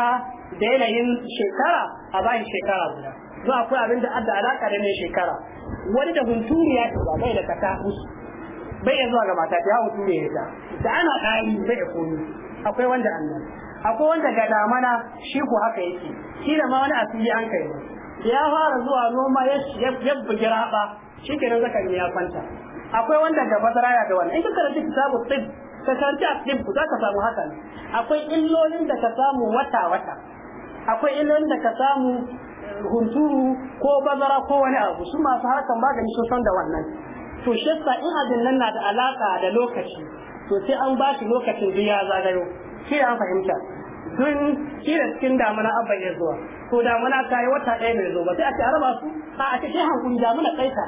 da yanayin shekara a ba shi shekara guda zo akwai abin da da alaka da ne shekara wani da hunturiya ta ba bai da kata musu bai ya zuwa ga mata ta hutu ne ya ta, da ana kayi bai ya komi akwai wanda annan akwai wanda ga damana shi ko haka yake shi da ma wani asiri an kai ya fara zuwa noma ya bugi raba shikenan ne ya kwanta akwai wanda fasara ya da wannan in ka rubuta kitabu tib ka karanta tib za ka samu hakan akwai illolin da ka samu wata wata akwai illolin da ka samu eh, hunturu ko bazara ko wani abu su masu harkan magani sun san da wannan to shi in abin nan na da alaka da lokaci to sai an ba shi lokacin duk ya zagayo sai an fahimta tun kila cikin damuna abban ya zuwa to damuna ta yi wata ɗaya mai zuwa ba sai a ce a raba su a a ce ke hankuri damuna kai ta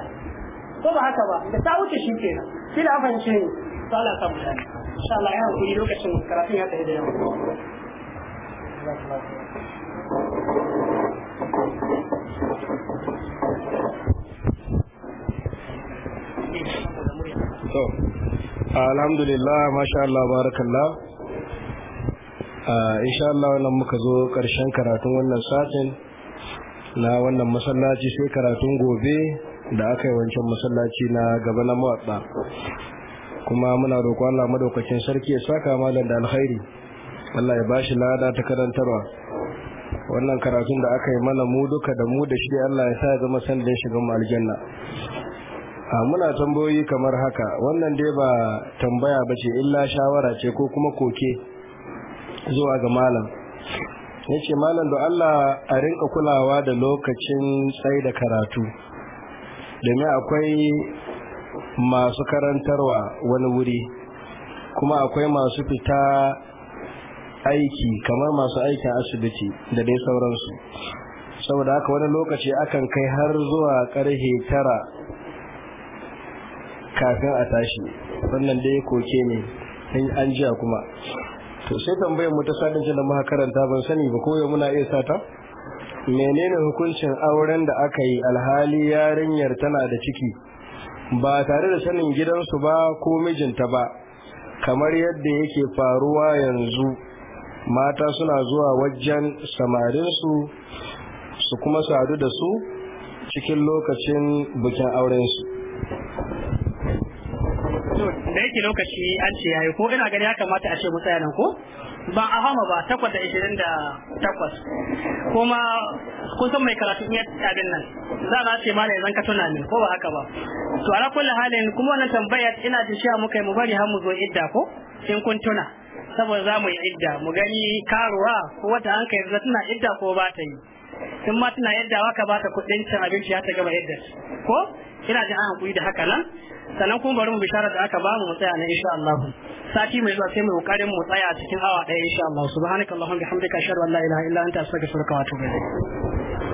ko ba haka ba da ta wuce shi kenan shi da afan shi ne to Allah ta mutane insha Allah ya hankuri lokacin karatun ya tsaye da yawa alhamdulillah masha Allah barakallah insha Allah wannan muka zo ƙarshen karatun wannan satin na wannan masallaci sai karatun gobe da aka yi wancan masallaci na gaba na mawaɗa kuma muna roƙo Allah madaukakin sarki ya saka malam da alkhairi Allah ya bashi lada ta karantarwa wannan karatun da aka yi mana mu duka da mu da shi Allah ya sa ya zama sandan shiga mu aljanna a muna tambayoyi kamar haka wannan dai ba tambaya ba ce illa shawara ce ko kuma koke zuwa ga malam ya ce malam da Allah a rinka kulawa da lokacin tsaye da karatu domin akwai masu karantarwa wani wuri kuma akwai masu fita aiki kamar masu aikin asibiti da dai sauransu saboda haka wani lokaci akan kai har zuwa karhe tara kafin a tashi wannan dai koke ne an jiya kuma to sai tambayar mu ta sadin da muka karanta ban sani ba ko yau muna iya sata menene hukuncin auren da aka yi alhali yarinyar tana da ciki ba tare da sanin gidansu ba ko mijinta ba kamar yadda yake faruwa yanzu mata suna zuwa wajen samarinsu su kuma sadu da su cikin lokacin bikin aurensu da yake lokaci an ce yayi ko ina gani ya kamata a ce mu tsaya ko ba a hama ba takwas da ishirin da takwas kuma kusan mai karatu ya abin nan za na ce mana zan ka tuna min ko ba haka ba to ala kulli halin kuma wannan tambayar ina jin shi muka yi mu bari har mu zo idda ko in kun tuna saboda za mu yi idda mu gani karuwa ko wata hankali tana idda ko ba ta yi in ma tana yadda waka ta kuɗin cin abinci ya ta gaba yadda ko ina jin an hakuri da haka nan sanan kuma bari mu bishara da aka bamu mu tsaya nan insha Allah sati mai zuwa sai mu kokarin mu tsaya cikin awa ɗaya insha Allah subhanakallahumma bihamdika ashhadu an la ilaha illa anta astaghfiruka wa atubu ilayk